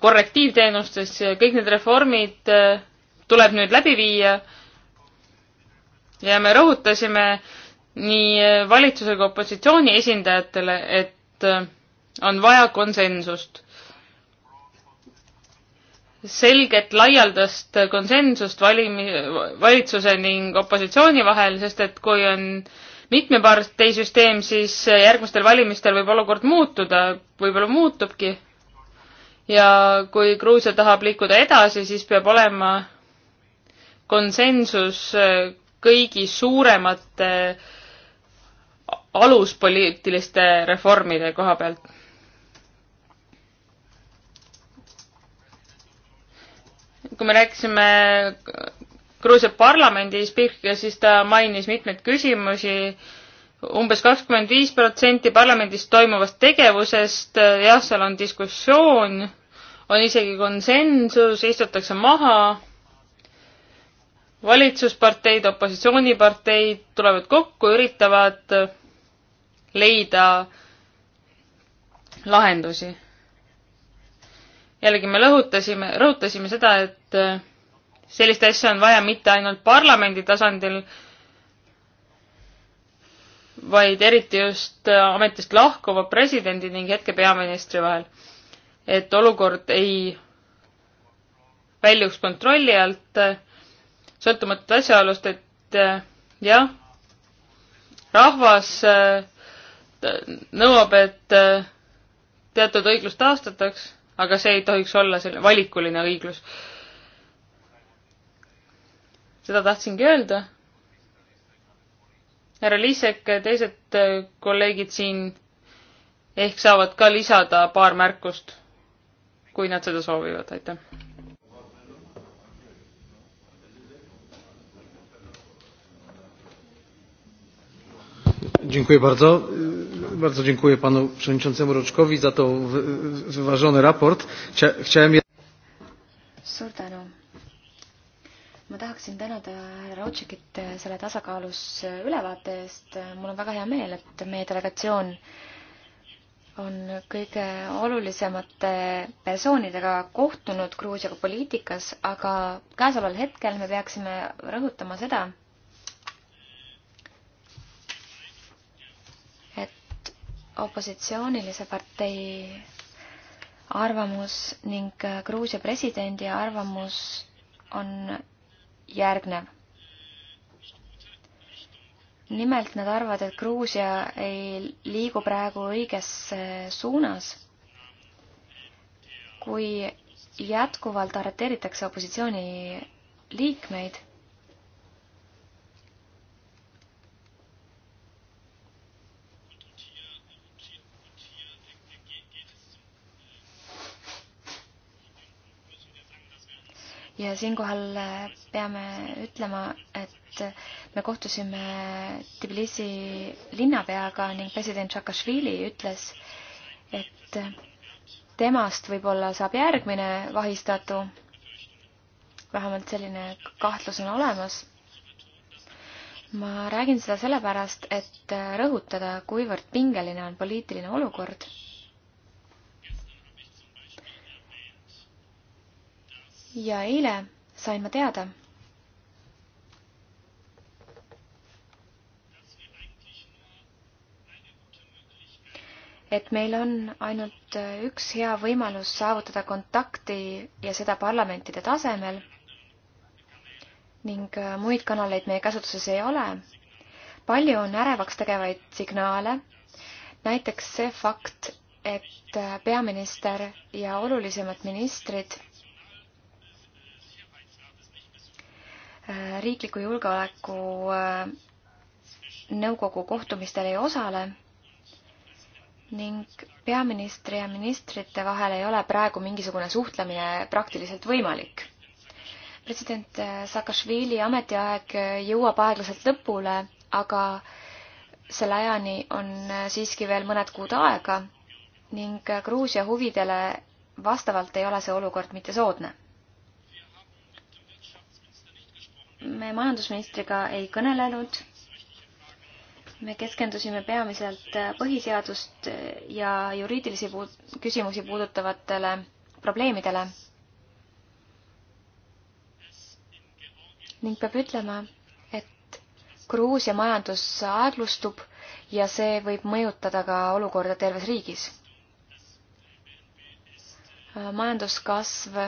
korrektiivteenustes, kõik need reformid äh, tuleb nüüd läbi viia. ja me rõhutasime nii äh, valitsuse kui opositsiooni esindajatele, et on vaja konsensust selget laialdast konsensust valimi-, valitsuse ning opositsiooni vahel, sest et kui on mitme partei süsteem, siis järgmistel valimistel võib olukord muutuda, võib-olla muutubki. ja kui Gruusia tahab liikuda edasi, siis peab olema konsensus kõigi suuremate aluspoliitiliste reformide koha pealt kui me rääkisime Gruusia parlamendi spiikriga, siis ta mainis mitmeid küsimusi umbes kakskümmend viis protsenti parlamendis toimuvast tegevusest, jah, seal on diskussioon, on isegi konsensus, istutakse maha, valitsusparteid, opositsiooniparteid tulevad kokku, üritavad leida lahendusi jällegi me lõhutasime, rõhutasime seda, et äh, sellist asja on vaja mitte ainult parlamendi tasandil, vaid eriti just äh, ametist lahkuva presidendi ning hetke peaministri vahel. et olukord ei väljuks kontrolli alt, äh, sõltumata asjaolust, et jah, rahvas nõuab, et teatud õiglus taastataks aga see ei tohiks olla selline valikuline õiglus. seda tahtsingi öelda. härra Liisek ja teised kolleegid siin ehk saavad ka lisada paar märkust, kui nad seda soovivad, aitäh. Dziękuję bardzo. Bardzo dziękuję panu przewodniczącemu Roczkowi za to wyważone raport. Chcia, chciałem... Suur tänu. Ma tahaksin tänada härra Otsikit selle tasakaalus ülevaate eest. Mul on väga hea meel, et meie delegatsioon on kõige olulisemate persoonidega kohtunud Gruusiaga poliitikas, aga käesoleval hetkel me peaksime rõhutama seda, opositsioonilise partei arvamus ning äh, Gruusia presidendi arvamus on järgnev. nimelt nad arvavad, et Gruusia ei liigu praegu õiges äh, suunas, kui jätkuvalt arreteeritakse opositsiooni liikmeid ja siinkohal äh, peame ütlema, et me kohtusime Tbilisi linnapeaga ning president Saakašvili ütles, et temast võib-olla saab järgmine vahistatu. vähemalt selline kahtlus on olemas. ma räägin seda sellepärast, et rõhutada, kuivõrd pingeline on poliitiline olukord ja eile sain ma teada, et meil on ainult üks hea võimalus saavutada kontakti ja seda parlamentide tasemel ning muid kanaleid meie käsutuses ei ole. palju on ärevaks tegevaid signaale, näiteks see fakt, et peaminister ja olulisemad ministrid Äh, riikliku julgeoleku äh, nõukogu kohtumistel ei osale ning peaministri ja ministrite vahel ei ole praegu mingisugune suhtlemine praktiliselt võimalik. president äh, Saakašvili ametiaeg jõuab aeglaselt lõpule, aga selle ajani on siiski veel mõned kuud aega ning Gruusia huvidele vastavalt ei ole see olukord mitte soodne me majandusministriga ei kõnelenud. me keskendusime peamiselt põhiseadust ja juriidilisi puud küsimusi puudutavatele probleemidele. ning peab ütlema, et Gruusia majandus aeglustub ja see võib mõjutada ka olukorda terves riigis. majanduskasv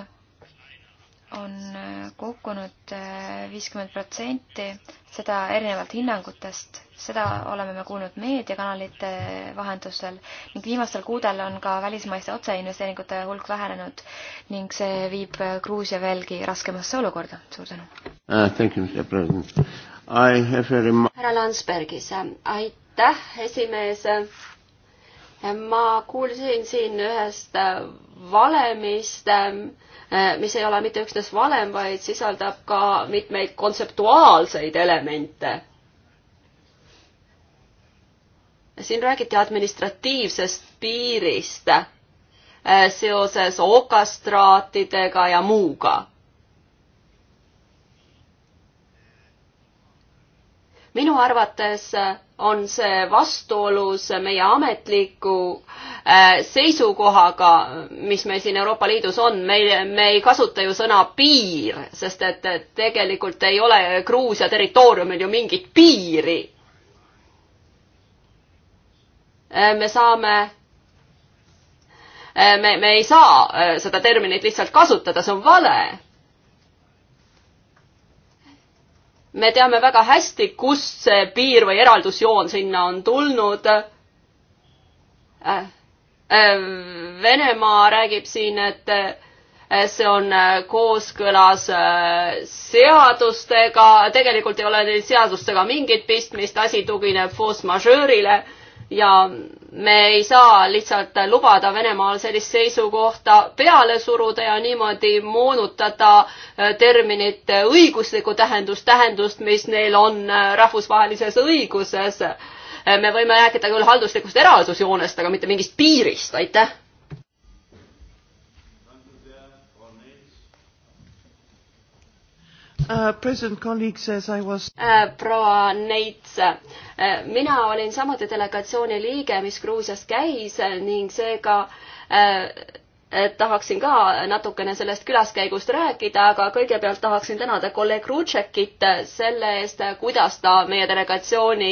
on äh, kukkunud äh, viiskümmend protsenti, seda erinevalt hinnangutest, seda oleme me kuulnud meediakanalite vahendusel ning viimastel kuudel on ka välismaiste otseinvesteeringute hulk vähenenud ning see viib äh, Gruusia veelgi raskemasse olukorda. suur tänu uh,! härra Landsbergis, aitäh, esimees! ma kuulsin siin ühest valemist ähm, Äh, mis ei ole mitte üksnes valem, vaid sisaldab ka mitmeid kontseptuaalseid elemente. siin räägiti administratiivsest piirist äh, seoses okastraatidega ja muuga minu arvates äh, on see vastuolus meie ametliku äh, seisukohaga, mis meil siin Euroopa Liidus on, me, me ei kasuta ju sõna piir, sest et tegelikult ei ole Gruusia territooriumil ju mingit piiri. Äh, me saame, me, me ei saa seda terminit lihtsalt kasutada, see on vale me teame väga hästi, kust see piir või eraldusjoon sinna on tulnud. Äh, äh, Venemaa räägib siin, et äh, see on kooskõlas seadustega, tegelikult ei ole neil seadustega mingit pistmist, asi tugineb force majeure'ile ja me ei saa lihtsalt lubada Venemaal sellist seisukohta peale suruda ja niimoodi moonutada äh, terminite äh, õiguslikku tähendust, tähendust, mis neil on äh, rahvusvahelises õiguses. me võime rääkida küll halduslikust eraldusjoonest, aga mitte mingist piirist, aitäh uh, was... Uh, proua Neits, uh, mina olin samuti delegatsiooni liige, mis Gruusias käis uh, ning seega tahaksin ka natukene sellest külaskäigust rääkida, aga kõigepealt tahaksin tänada kolleeg Rutšekit selle eest, kuidas ta meie delegatsiooni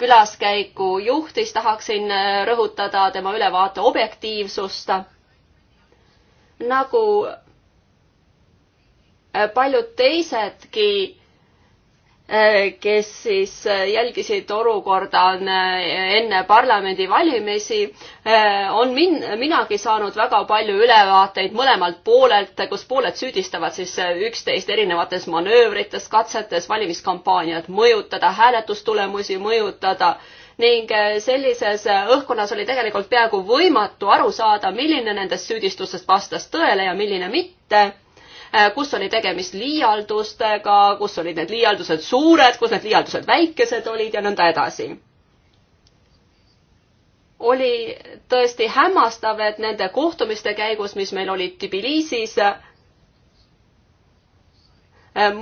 külaskäiku juhtis, tahaksin rõhutada tema ülevaate objektiivsust. nagu paljud teisedki, äh, kes siis äh, jälgisid olukorda äh, enne parlamendivalimisi, on min-, minagi saanud väga palju ülevaateid mõlemalt poolelt, kus pooled süüdistavad siis üksteist erinevates manöövrites, katsetes valimiskampaaniat mõjutada, hääletustulemusi mõjutada ning sellises õhkkonnas oli tegelikult peaaegu võimatu aru saada, milline nendest süüdistustest vastas tõele ja milline mitte Äh, kus oli tegemist liialdustega, kus olid need liialdused suured, kus need liialdused väikesed olid ja nõnda edasi. oli tõesti hämmastav, et nende kohtumiste käigus, mis meil olid Tbilisis, äh,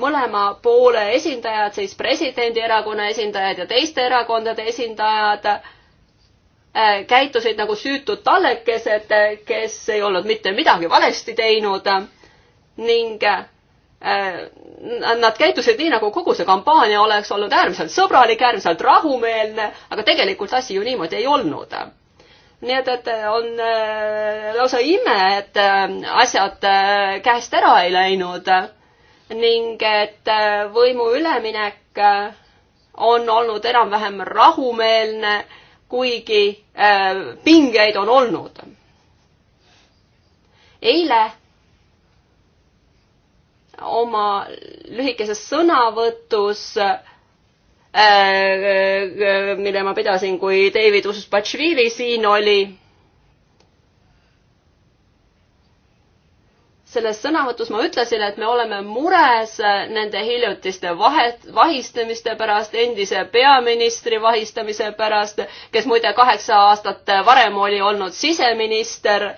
mõlema poole esindajad, siis presidendi erakonna esindajad ja teiste erakondade esindajad äh, käitusid nagu süütud tallekesed, kes ei olnud mitte midagi valesti teinud ning äh, nad käitusid nii, nagu kogu see kampaania oleks olnud äärmiselt sõbralik, äärmiselt rahumeelne, aga tegelikult asi ju niimoodi ei olnud. nii et, et on äh, lausa ime, et äh, asjad käest ära ei läinud ning et võimu üleminek on olnud enam-vähem rahumeelne, kuigi pingeid on olnud. eile oma lühikeses sõnavõtus, äh, äh, mille ma pidasin, kui David Ususbatšvili siin oli selles sõnavõtus ma ütlesin, et me oleme mures nende hiljutiste vahet, vahistamiste pärast, endise peaministri vahistamise pärast, kes muide kaheksa aastat varem oli olnud siseminister.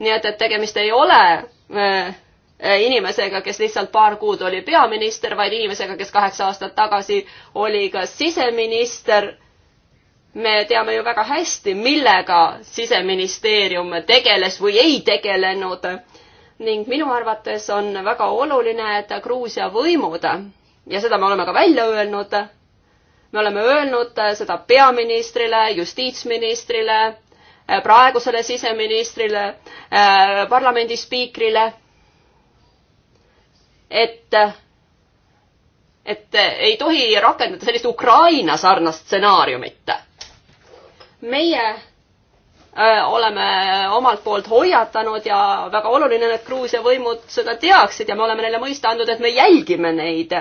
nii et, et tegemist ei ole äh, Äh, inimesega, kes lihtsalt paar kuud oli peaminister, vaid inimesega, kes kaheksa aastat tagasi oli ka siseminister. me teame ju väga hästi, millega siseministeerium tegeles või ei tegelenud. ning minu arvates on väga oluline, et Gruusia võimud ja seda me oleme ka välja öelnud, me oleme öelnud seda peaministrile, justiitsministrile, praegusele siseministrile, äh, parlamendi spiikrile et, et ei tohi rakendada sellist Ukraina sarnast stsenaariumit. meie äh, oleme omalt poolt hoiatanud ja väga oluline on, et Gruusia võimud seda teaksid ja me oleme neile mõista andnud, et me jälgime neid.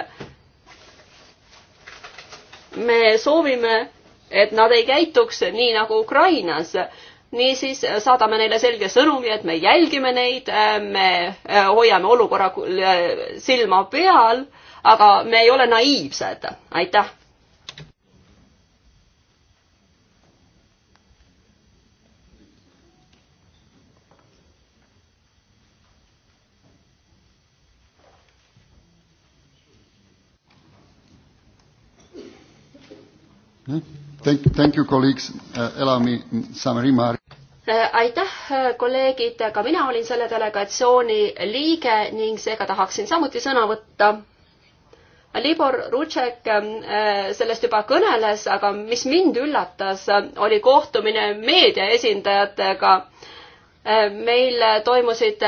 me soovime, et nad ei käituks nii nagu Ukrainas niisiis äh, saadame neile selge sõnumi, et me jälgime neid, äh, me äh, hoiame olukorra silma peal, aga me ei ole naiivsed. aitäh. Mm-hmm. Thank, thank you, colleagues uh,. Allow me mm, some remark äh, aitäh, äh, kolleegid, ka mina olin selle delegatsiooni liige ning seega tahaksin samuti sõna võtta. Libor Rutšek äh, sellest juba kõneles, aga mis mind üllatas, oli kohtumine meedia esindajatega. meil toimusid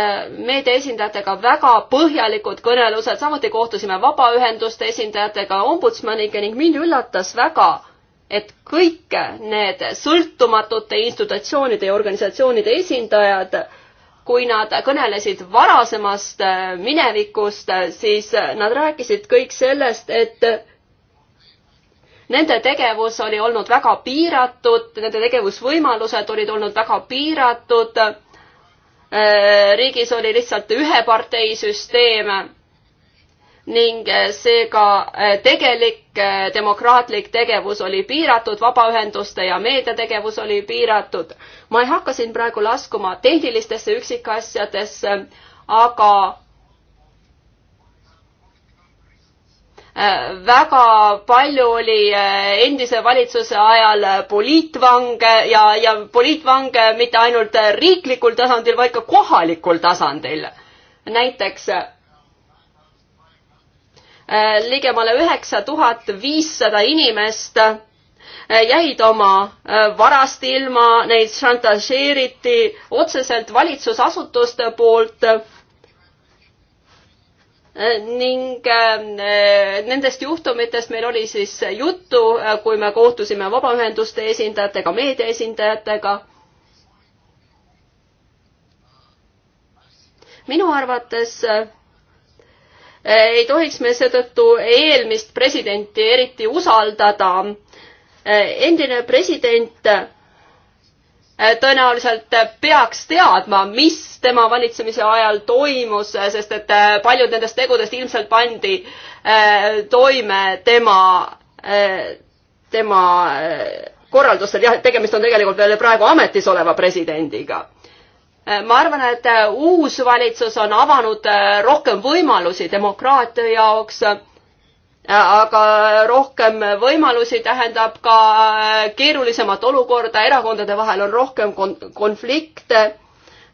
meedia esindajatega väga põhjalikud kõnelused, samuti kohtusime vabaühenduste esindajatega, ombudsmaniga ning mind üllatas väga et kõik need sõltumatute institutsioonide ja organisatsioonide esindajad, kui nad kõnelesid varasemast äh, minevikust, siis nad rääkisid kõik sellest, et nende tegevus oli olnud väga piiratud, nende tegevusvõimalused olid olnud väga piiratud. Äh, riigis oli lihtsalt ühe partei süsteem ning eh, seega eh, tegelik eh, demokraatlik tegevus oli piiratud, vabaühenduste ja meediategevus oli piiratud. ma ei hakka siin praegu laskuma tehnilistesse üksikasjadesse, aga väga palju oli endise valitsuse ajal poliitvange ja, ja poliitvange mitte ainult riiklikul tasandil, vaid ka kohalikul tasandil. näiteks Äh, ligemale üheksa tuhat viissada inimest äh, jäid oma äh, varast ilma, neid šantažeeriti otseselt valitsusasutuste poolt ning nendest juhtumitest meil oli siis juttu, kui me kohtusime vabaühenduste esindajatega, meedia esindajatega. minu arvates Äh, ei tohiks me seetõttu eelmist presidenti eriti usaldada. Äh, endine president äh, tõenäoliselt peaks teadma, mis tema valitsemise ajal toimus, sest et paljud nendest tegudest ilmselt pandi toime tema, tema korraldustel, jah, tegemist on tegelikult veel praegu ametis oleva presidendiga Äh, ma arvan, et äh, uus valitsus on avanud äh, rohkem võimalusi demokraatia jaoks, aga rohkem võimalusi tähendab ka keerulisemat olukorda, erakondade vahel on rohkem kon-, konflikte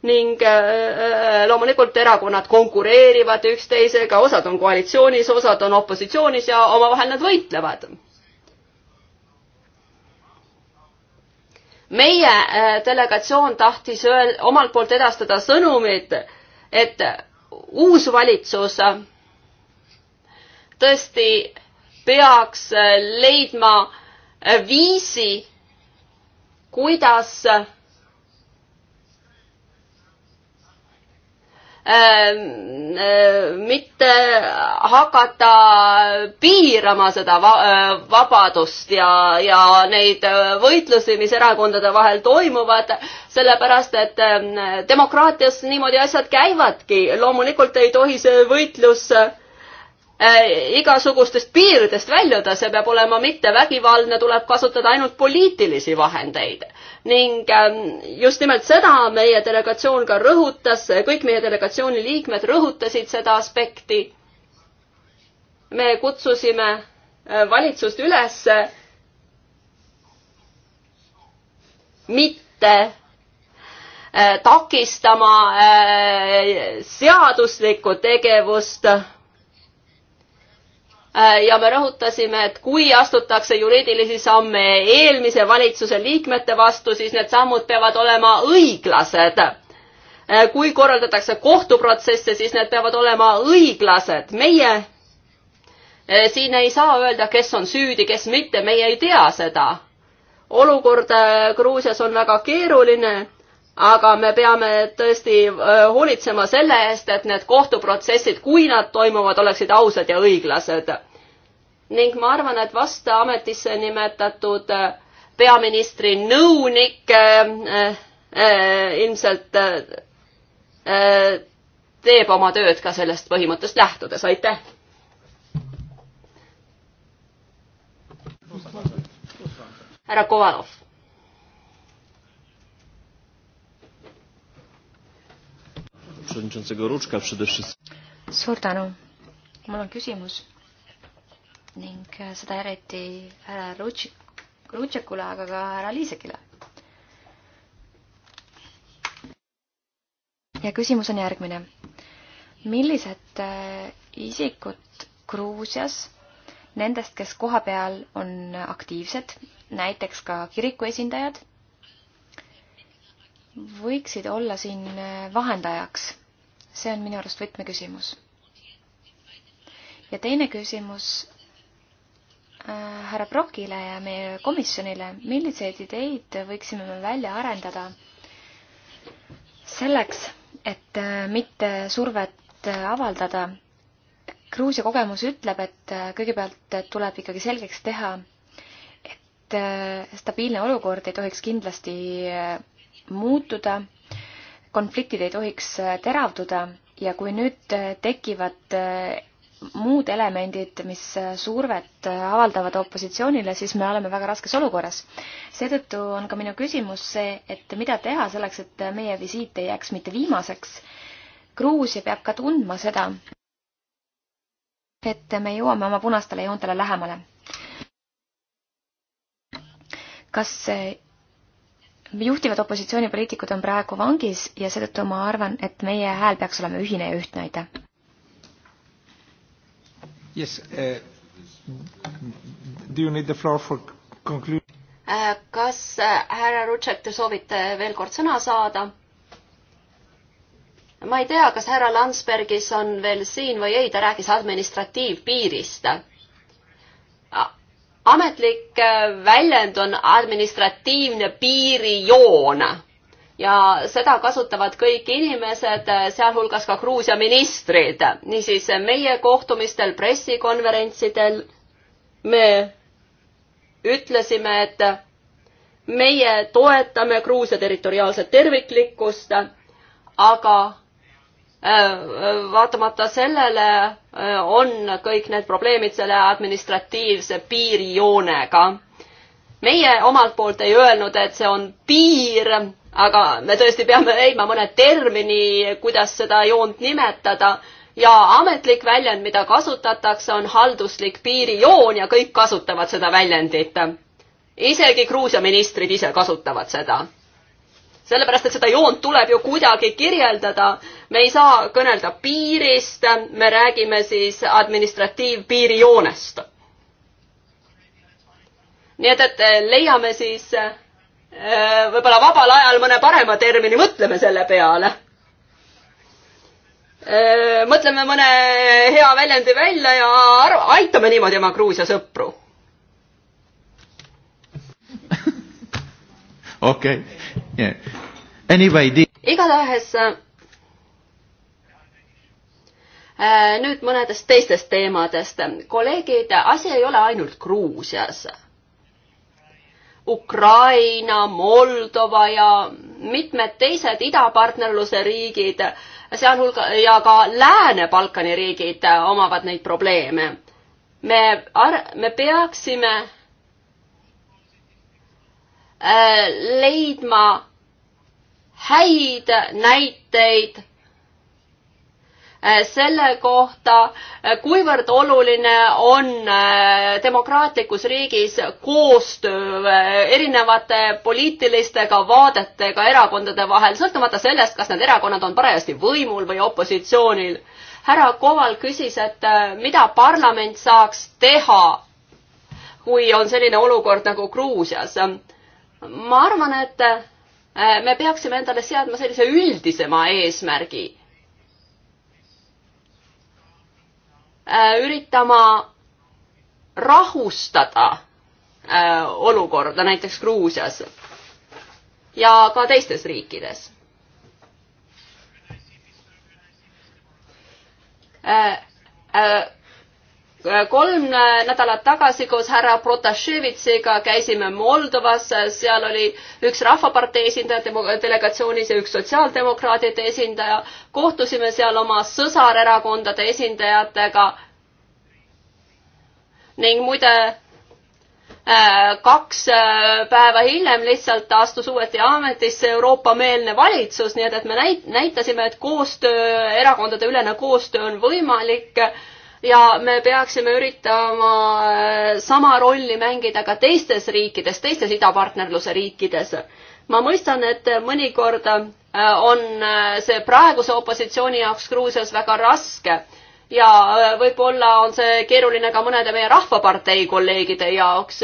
ning loomulikult erakonnad konkureerivad üksteisega, osad on koalitsioonis, osad on opositsioonis ja omavahel nad võitlevad meie äh, delegatsioon tahtis öel, omalt poolt edastada sõnumit, et uus valitsus tõesti peaks äh, leidma äh, viisi, kuidas Ähm, äh, mitte hakata piirama seda äh, vabadust ja, ja neid äh, võitlusi, mis erakondade vahel toimuvad, sellepärast et ähm, demokraatias niimoodi asjad käivadki. loomulikult ei tohi see võitlus äh, Äh, igasugustest piiridest väljuda, see peab olema mittevägivaldne, tuleb kasutada ainult poliitilisi vahendeid. ning ähm, just nimelt seda meie delegatsioon ka rõhutas, kõik meie delegatsiooni liikmed rõhutasid seda aspekti. me kutsusime äh, valitsust üles mitte äh, takistama seaduslikku tegevust Äh, ja me rõhutasime, et kui astutakse juriidilisi samme eelmise valitsuse liikmete vastu, siis need sammud peavad olema õiglased. Äh, kui korraldatakse kohtuprotsesse, siis need peavad olema õiglased. meie äh, siin ei saa öelda, kes on süüdi, kes mitte, meie ei tea seda. olukord Gruusias on väga keeruline aga me peame tõesti hoolitsema selle eest, et need kohtuprotsessid, kui nad toimuvad, oleksid ausad ja õiglased ning ma arvan, et vaste ametisse nimetatud äh, peaministri nõunik äh, äh, ilmselt äh, teeb oma tööd ka sellest põhimõttest lähtudes, aitäh. härra Kovalov. suur tänu, mul on küsimus ning seda eriti härra Rutšekule, aga ka härra Liisekile. ja küsimus on järgmine. millised äh, isikud Gruusias, nendest, kes kohapeal on aktiivsed, näiteks ka kiriku esindajad, võiksid olla siin äh, vahendajaks? see on minu arust võtmeküsimus. ja teine küsimus Äh, härra Brokile ja meie komisjonile, milliseid ideid võiksime me välja arendada selleks, et äh, mitte survet äh, avaldada. Gruusia kogemus ütleb, et kõigepealt tuleb ikkagi selgeks teha, et stabiilne olukord ei tohiks kindlasti muutuda, konfliktid ei tohiks teravduda ja kui nüüd tekivad muud elemendid, mis survet avaldavad opositsioonile, siis me oleme väga raskes olukorras. seetõttu on ka minu küsimus see, et mida teha selleks, et meie visiit ei jääks mitte viimaseks. Gruusia peab ka tundma seda, et me jõuame oma punastele joontele lähemale. kas juhtivad opositsioonipoliitikud on praegu vangis ja seetõttu ma arvan, et meie hääl peaks olema ühine ja ühtne, aitäh! Yes, uh, do you need the floor for conclusion? Äh, kas äh, härra Rutšek, te soovite veel kord sõna saada? ma ei tea, kas härra Landsbergis on veel siin või ei, ta rääkis administratiivpiirist. ametlik äh, väljend on administratiivne piirijoon ja seda kasutavad kõik inimesed, sealhulgas ka Gruusia ministrid. niisiis meie kohtumistel, pressikonverentsidel me ütlesime, et meie toetame Gruusia territoriaalset terviklikkust, aga äh, vaatamata sellele äh, on kõik need probleemid selle administratiivse piirijoonega. meie omalt poolt ei öelnud, et see on piir, aga me tõesti peame leidma mõne termini, kuidas seda joont nimetada ja ametlik väljend, mida kasutatakse, on halduslik piirijoon ja kõik kasutavad seda väljendit. isegi Gruusia ministrid ise kasutavad seda. sellepärast, et seda joont tuleb ju kuidagi kirjeldada. me ei saa kõnelda piirist, me räägime siis administratiivpiirijoonest. nii et, et leiame siis Äh, võib-olla vabal ajal mõne parema termini, mõtleme selle peale. Äh, mõtleme mõne hea väljendi välja ja aru, aitame niimoodi oma Gruusia sõpru. okei, anyway. igatahes äh, nüüd mõnedest teistest teemadest. kolleegid, asi ei ole ainult Gruusias Ukraina, Moldova ja mitmed teised idapartnerluse riigid, sealhulga ja ka Lääne-Balkani riigid omavad neid probleeme. me, me peaksime äh, leidma häid näiteid Eh, selle kohta, eh, kuivõrd oluline on eh, demokraatlikus riigis koostöö erinevate poliitilistega vaadetega erakondade vahel, sõltumata sellest, kas need erakonnad on parajasti võimul või opositsioonil. härra Koval küsis, et mida parlament saaks teha, kui on selline olukord nagu Gruusias. ma arvan, et me peaksime endale seadma sellise üldisema eesmärgi Äh, üritama rahustada äh, olukorda näiteks Gruusias ja ka teistes riikides. Äh, kolm nädalat tagasi koos härra Protasevitšiga käisime Moldovas, seal oli üks Rahvapartei esindaja delegatsioonis ja üks sotsiaaldemokraatide esindaja. kohtusime seal oma sõsarerakondade esindajatega. ning muide, äh, kaks äh, päeva hiljem lihtsalt astus uuesti ametisse Euroopa-meelne valitsus, nii et, et me näit-, näitasime, et koostöö, erakondade ülene koostöö on võimalik ja me peaksime üritama äh, sama rolli mängida ka teistes riikides, teistes idapartnerluse riikides. ma mõistan, et mõnikord äh, on äh, see praeguse opositsiooni jaoks Gruusias väga raske ja võib-olla on see keeruline ka mõnede meie Rahvapartei kolleegide jaoks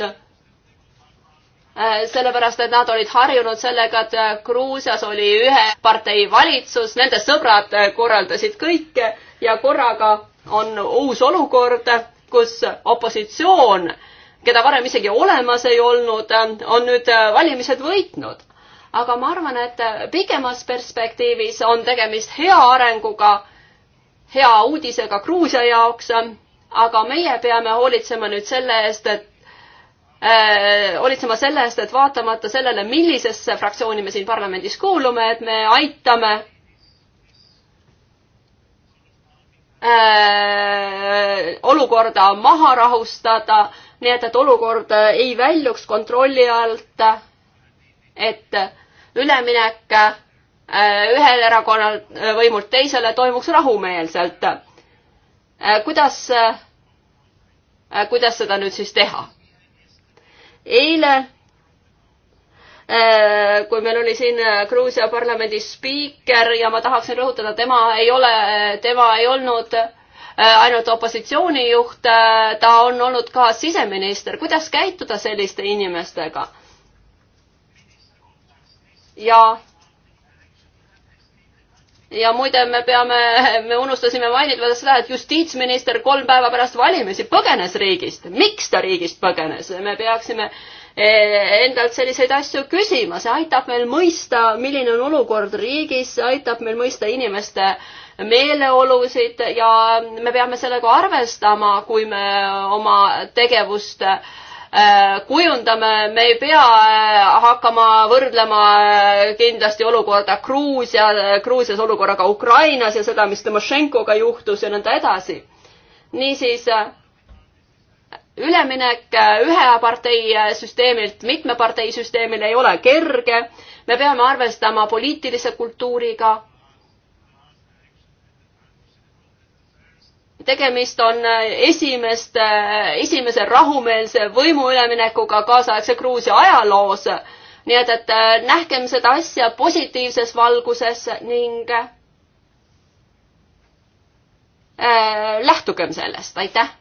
sellepärast, et nad olid harjunud sellega, et Gruusias oli ühe partei valitsus, nende sõbrad korraldasid kõike ja korraga on uus olukord, kus opositsioon, keda varem isegi olemas ei olnud, on nüüd äh, valimised võitnud. aga ma arvan, et äh, pikemas perspektiivis on tegemist hea arenguga, hea uudisega Gruusia jaoks, aga meie peame hoolitsema nüüd selle eest, et äh, hoolitsema selle eest, et vaatamata sellele, millisesse fraktsiooni me siin parlamendis kuulume, et me aitame Äh, olukorda maha rahustada, nii et, et olukord äh, ei väljuks kontrolli alt, et üleminek äh, ühel erakonnal võimult teisele toimuks rahumeelselt. kuidas, kuidas seda nüüd siis teha? eile Äh, kui meil oli siin äh, Gruusia parlamendi spiiker ja ma tahaksin rõhutada, tema ei ole, äh, tema ei olnud ainult opositsiooni juht, ta on olnud ka siseminister. kuidas käituda selliste inimestega? ja ja muide, me peame, me unustasime mainida seda, et justiitsminister kolm päeva pärast valimisi põgenes riigist. miks ta riigist põgenes? me peaksime äh, Eh, endalt selliseid asju küsima, see aitab meil mõista, milline on olukord riigis, aitab meil mõista inimeste meeleolusid ja me peame sellega arvestama, kui me oma tegevust eh, kujundame, me ei pea eh, hakkama võrdlema kindlasti olukorda Gruusia, Gruusias olukorraga Ukrainas ja seda, mis Tõmošenkoga juhtus ja nõnda edasi. niisiis üleminek äh, ühe partei äh, süsteemilt mitme partei süsteemile ei ole kerge. me peame arvestama poliitilise kultuuriga. tegemist on äh, esimeste, esimese rahumeelse võimuüleminekuga kaasaegse Gruusia ajaloos. nii et, et nähkem seda asja positiivses valguses ning äh, lähtugem sellest, aitäh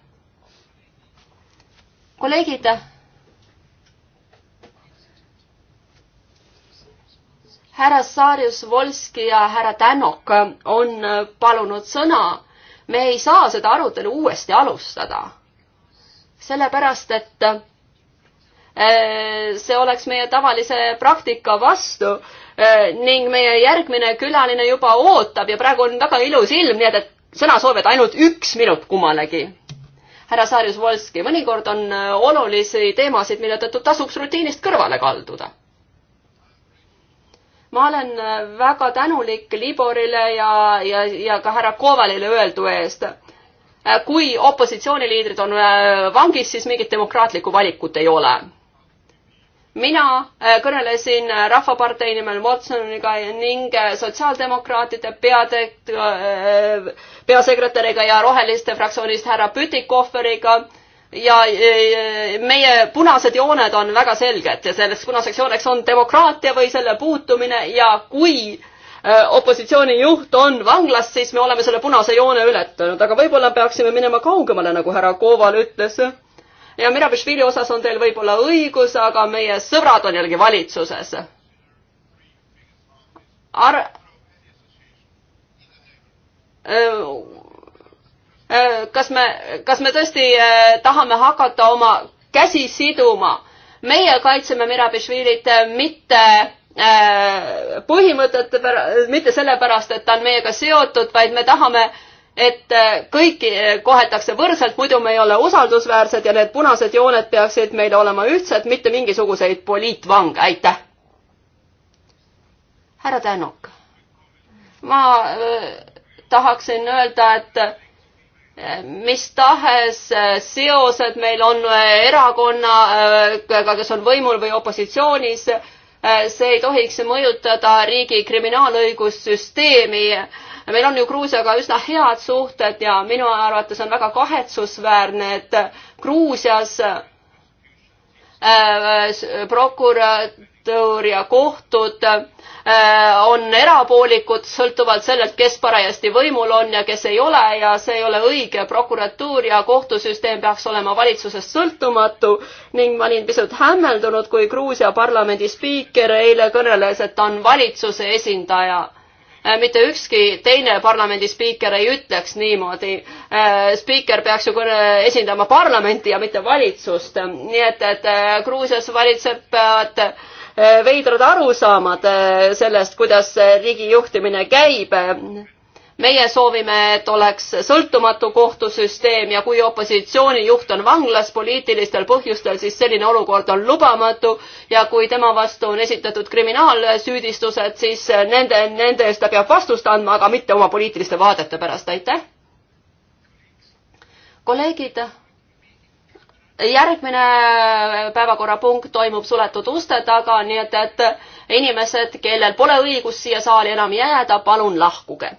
kolleegid. härra Saarjus Volski ja härra Tänok on palunud sõna. me ei saa seda arutelu uuesti alustada. sellepärast, et e, see oleks meie tavalise praktika vastu e, ning meie järgmine külaline juba ootab ja praegu on väga ilus ilm, nii et, et sõnasoovijad ainult üks minut kummalegi härra Saarjus-Volski, mõnikord on äh, olulisi teemasid, mille tõttu tasuks rutiinist kõrvale kalduda. ma olen äh, väga tänulik Liborile ja, ja, ja ka härra Kovalile öeldu eest. Äh, kui opositsiooniliidrid on vangis, siis mingit demokraatlikku valikut ei ole mina äh, kõnelesin äh, Rahvapartei nimel Watsoniga ning äh, sotsiaaldemokraatide peatekt-, peasekretäriga ja Roheliste fraktsioonist härra Pütikohveriga ja meie punased jooned on väga selged ja selleks punaseks jooneks on demokraatia või selle puutumine ja kui opositsiooni juht on vanglas, siis me oleme selle punase joone ületanud, aga võib-olla peaksime minema kaugemale, nagu härra Koval ütles ja Mirabišvili osas on teil võib-olla õigus, aga meie sõbrad on jällegi valitsuses. Ar-, äh, äh, kas me, kas me tõesti äh, tahame hakata oma käsi siduma? meie kaitseme Mirabišvilit mitte põhimõtete pärast, mitte sellepärast, et ta on meiega seotud, vaid me tahame äh, et äh, kõiki äh, koheldakse võrdselt, muidu me ei ole usaldusväärsed ja need punased jooned peaksid meil olema ühtsed, mitte mingisuguseid poliitvange, aitäh. härra Tänok, ma äh, tahaksin öelda, et mis tahes seosed meil on erakonnaga, kes on võimul või opositsioonis, Äh, see ei tohiks mõjutada riigi kriminaalõigussüsteemi. meil on ju Gruusiaga üsna head suhted ja minu arvates on väga kahetsusväärne, et Gruusias äh, prokuratuur ja kohtud äh, Äh, on erapoolikud, sõltuvalt sellest, kes parajasti võimul on ja kes ei ole ja see ei ole õige. prokuratuur ja kohtusüsteem peaks olema valitsusest sõltumatu ning ma olin pisut hämmeldunud, kui Gruusia parlamendi spiiker eile kõneles, et ta on valitsuse esindaja äh, mitte ükski teine parlamendi spiiker ei ütleks niimoodi. Äh, spiiker peaks ju esindama parlamenti ja mitte valitsust, nii et, et Gruusias valitsevad äh, Eh, veidrad arusaamad eh, sellest, kuidas riigi juhtimine käib. meie soovime, et oleks sõltumatu kohtusüsteem ja kui opositsioonijuht on vanglas poliitilistel põhjustel, siis selline olukord on lubamatu ja kui tema vastu on esitatud kriminaalsüüdistused, siis eh, nende, nende eest ta peab vastust andma, aga mitte oma poliitiliste vaadete pärast, aitäh. kolleegid järgmine päevakorrapunkt toimub suletud uste taga, nii et, et inimesed, kellel pole õigust siia saali enam jääda, palun lahkuge.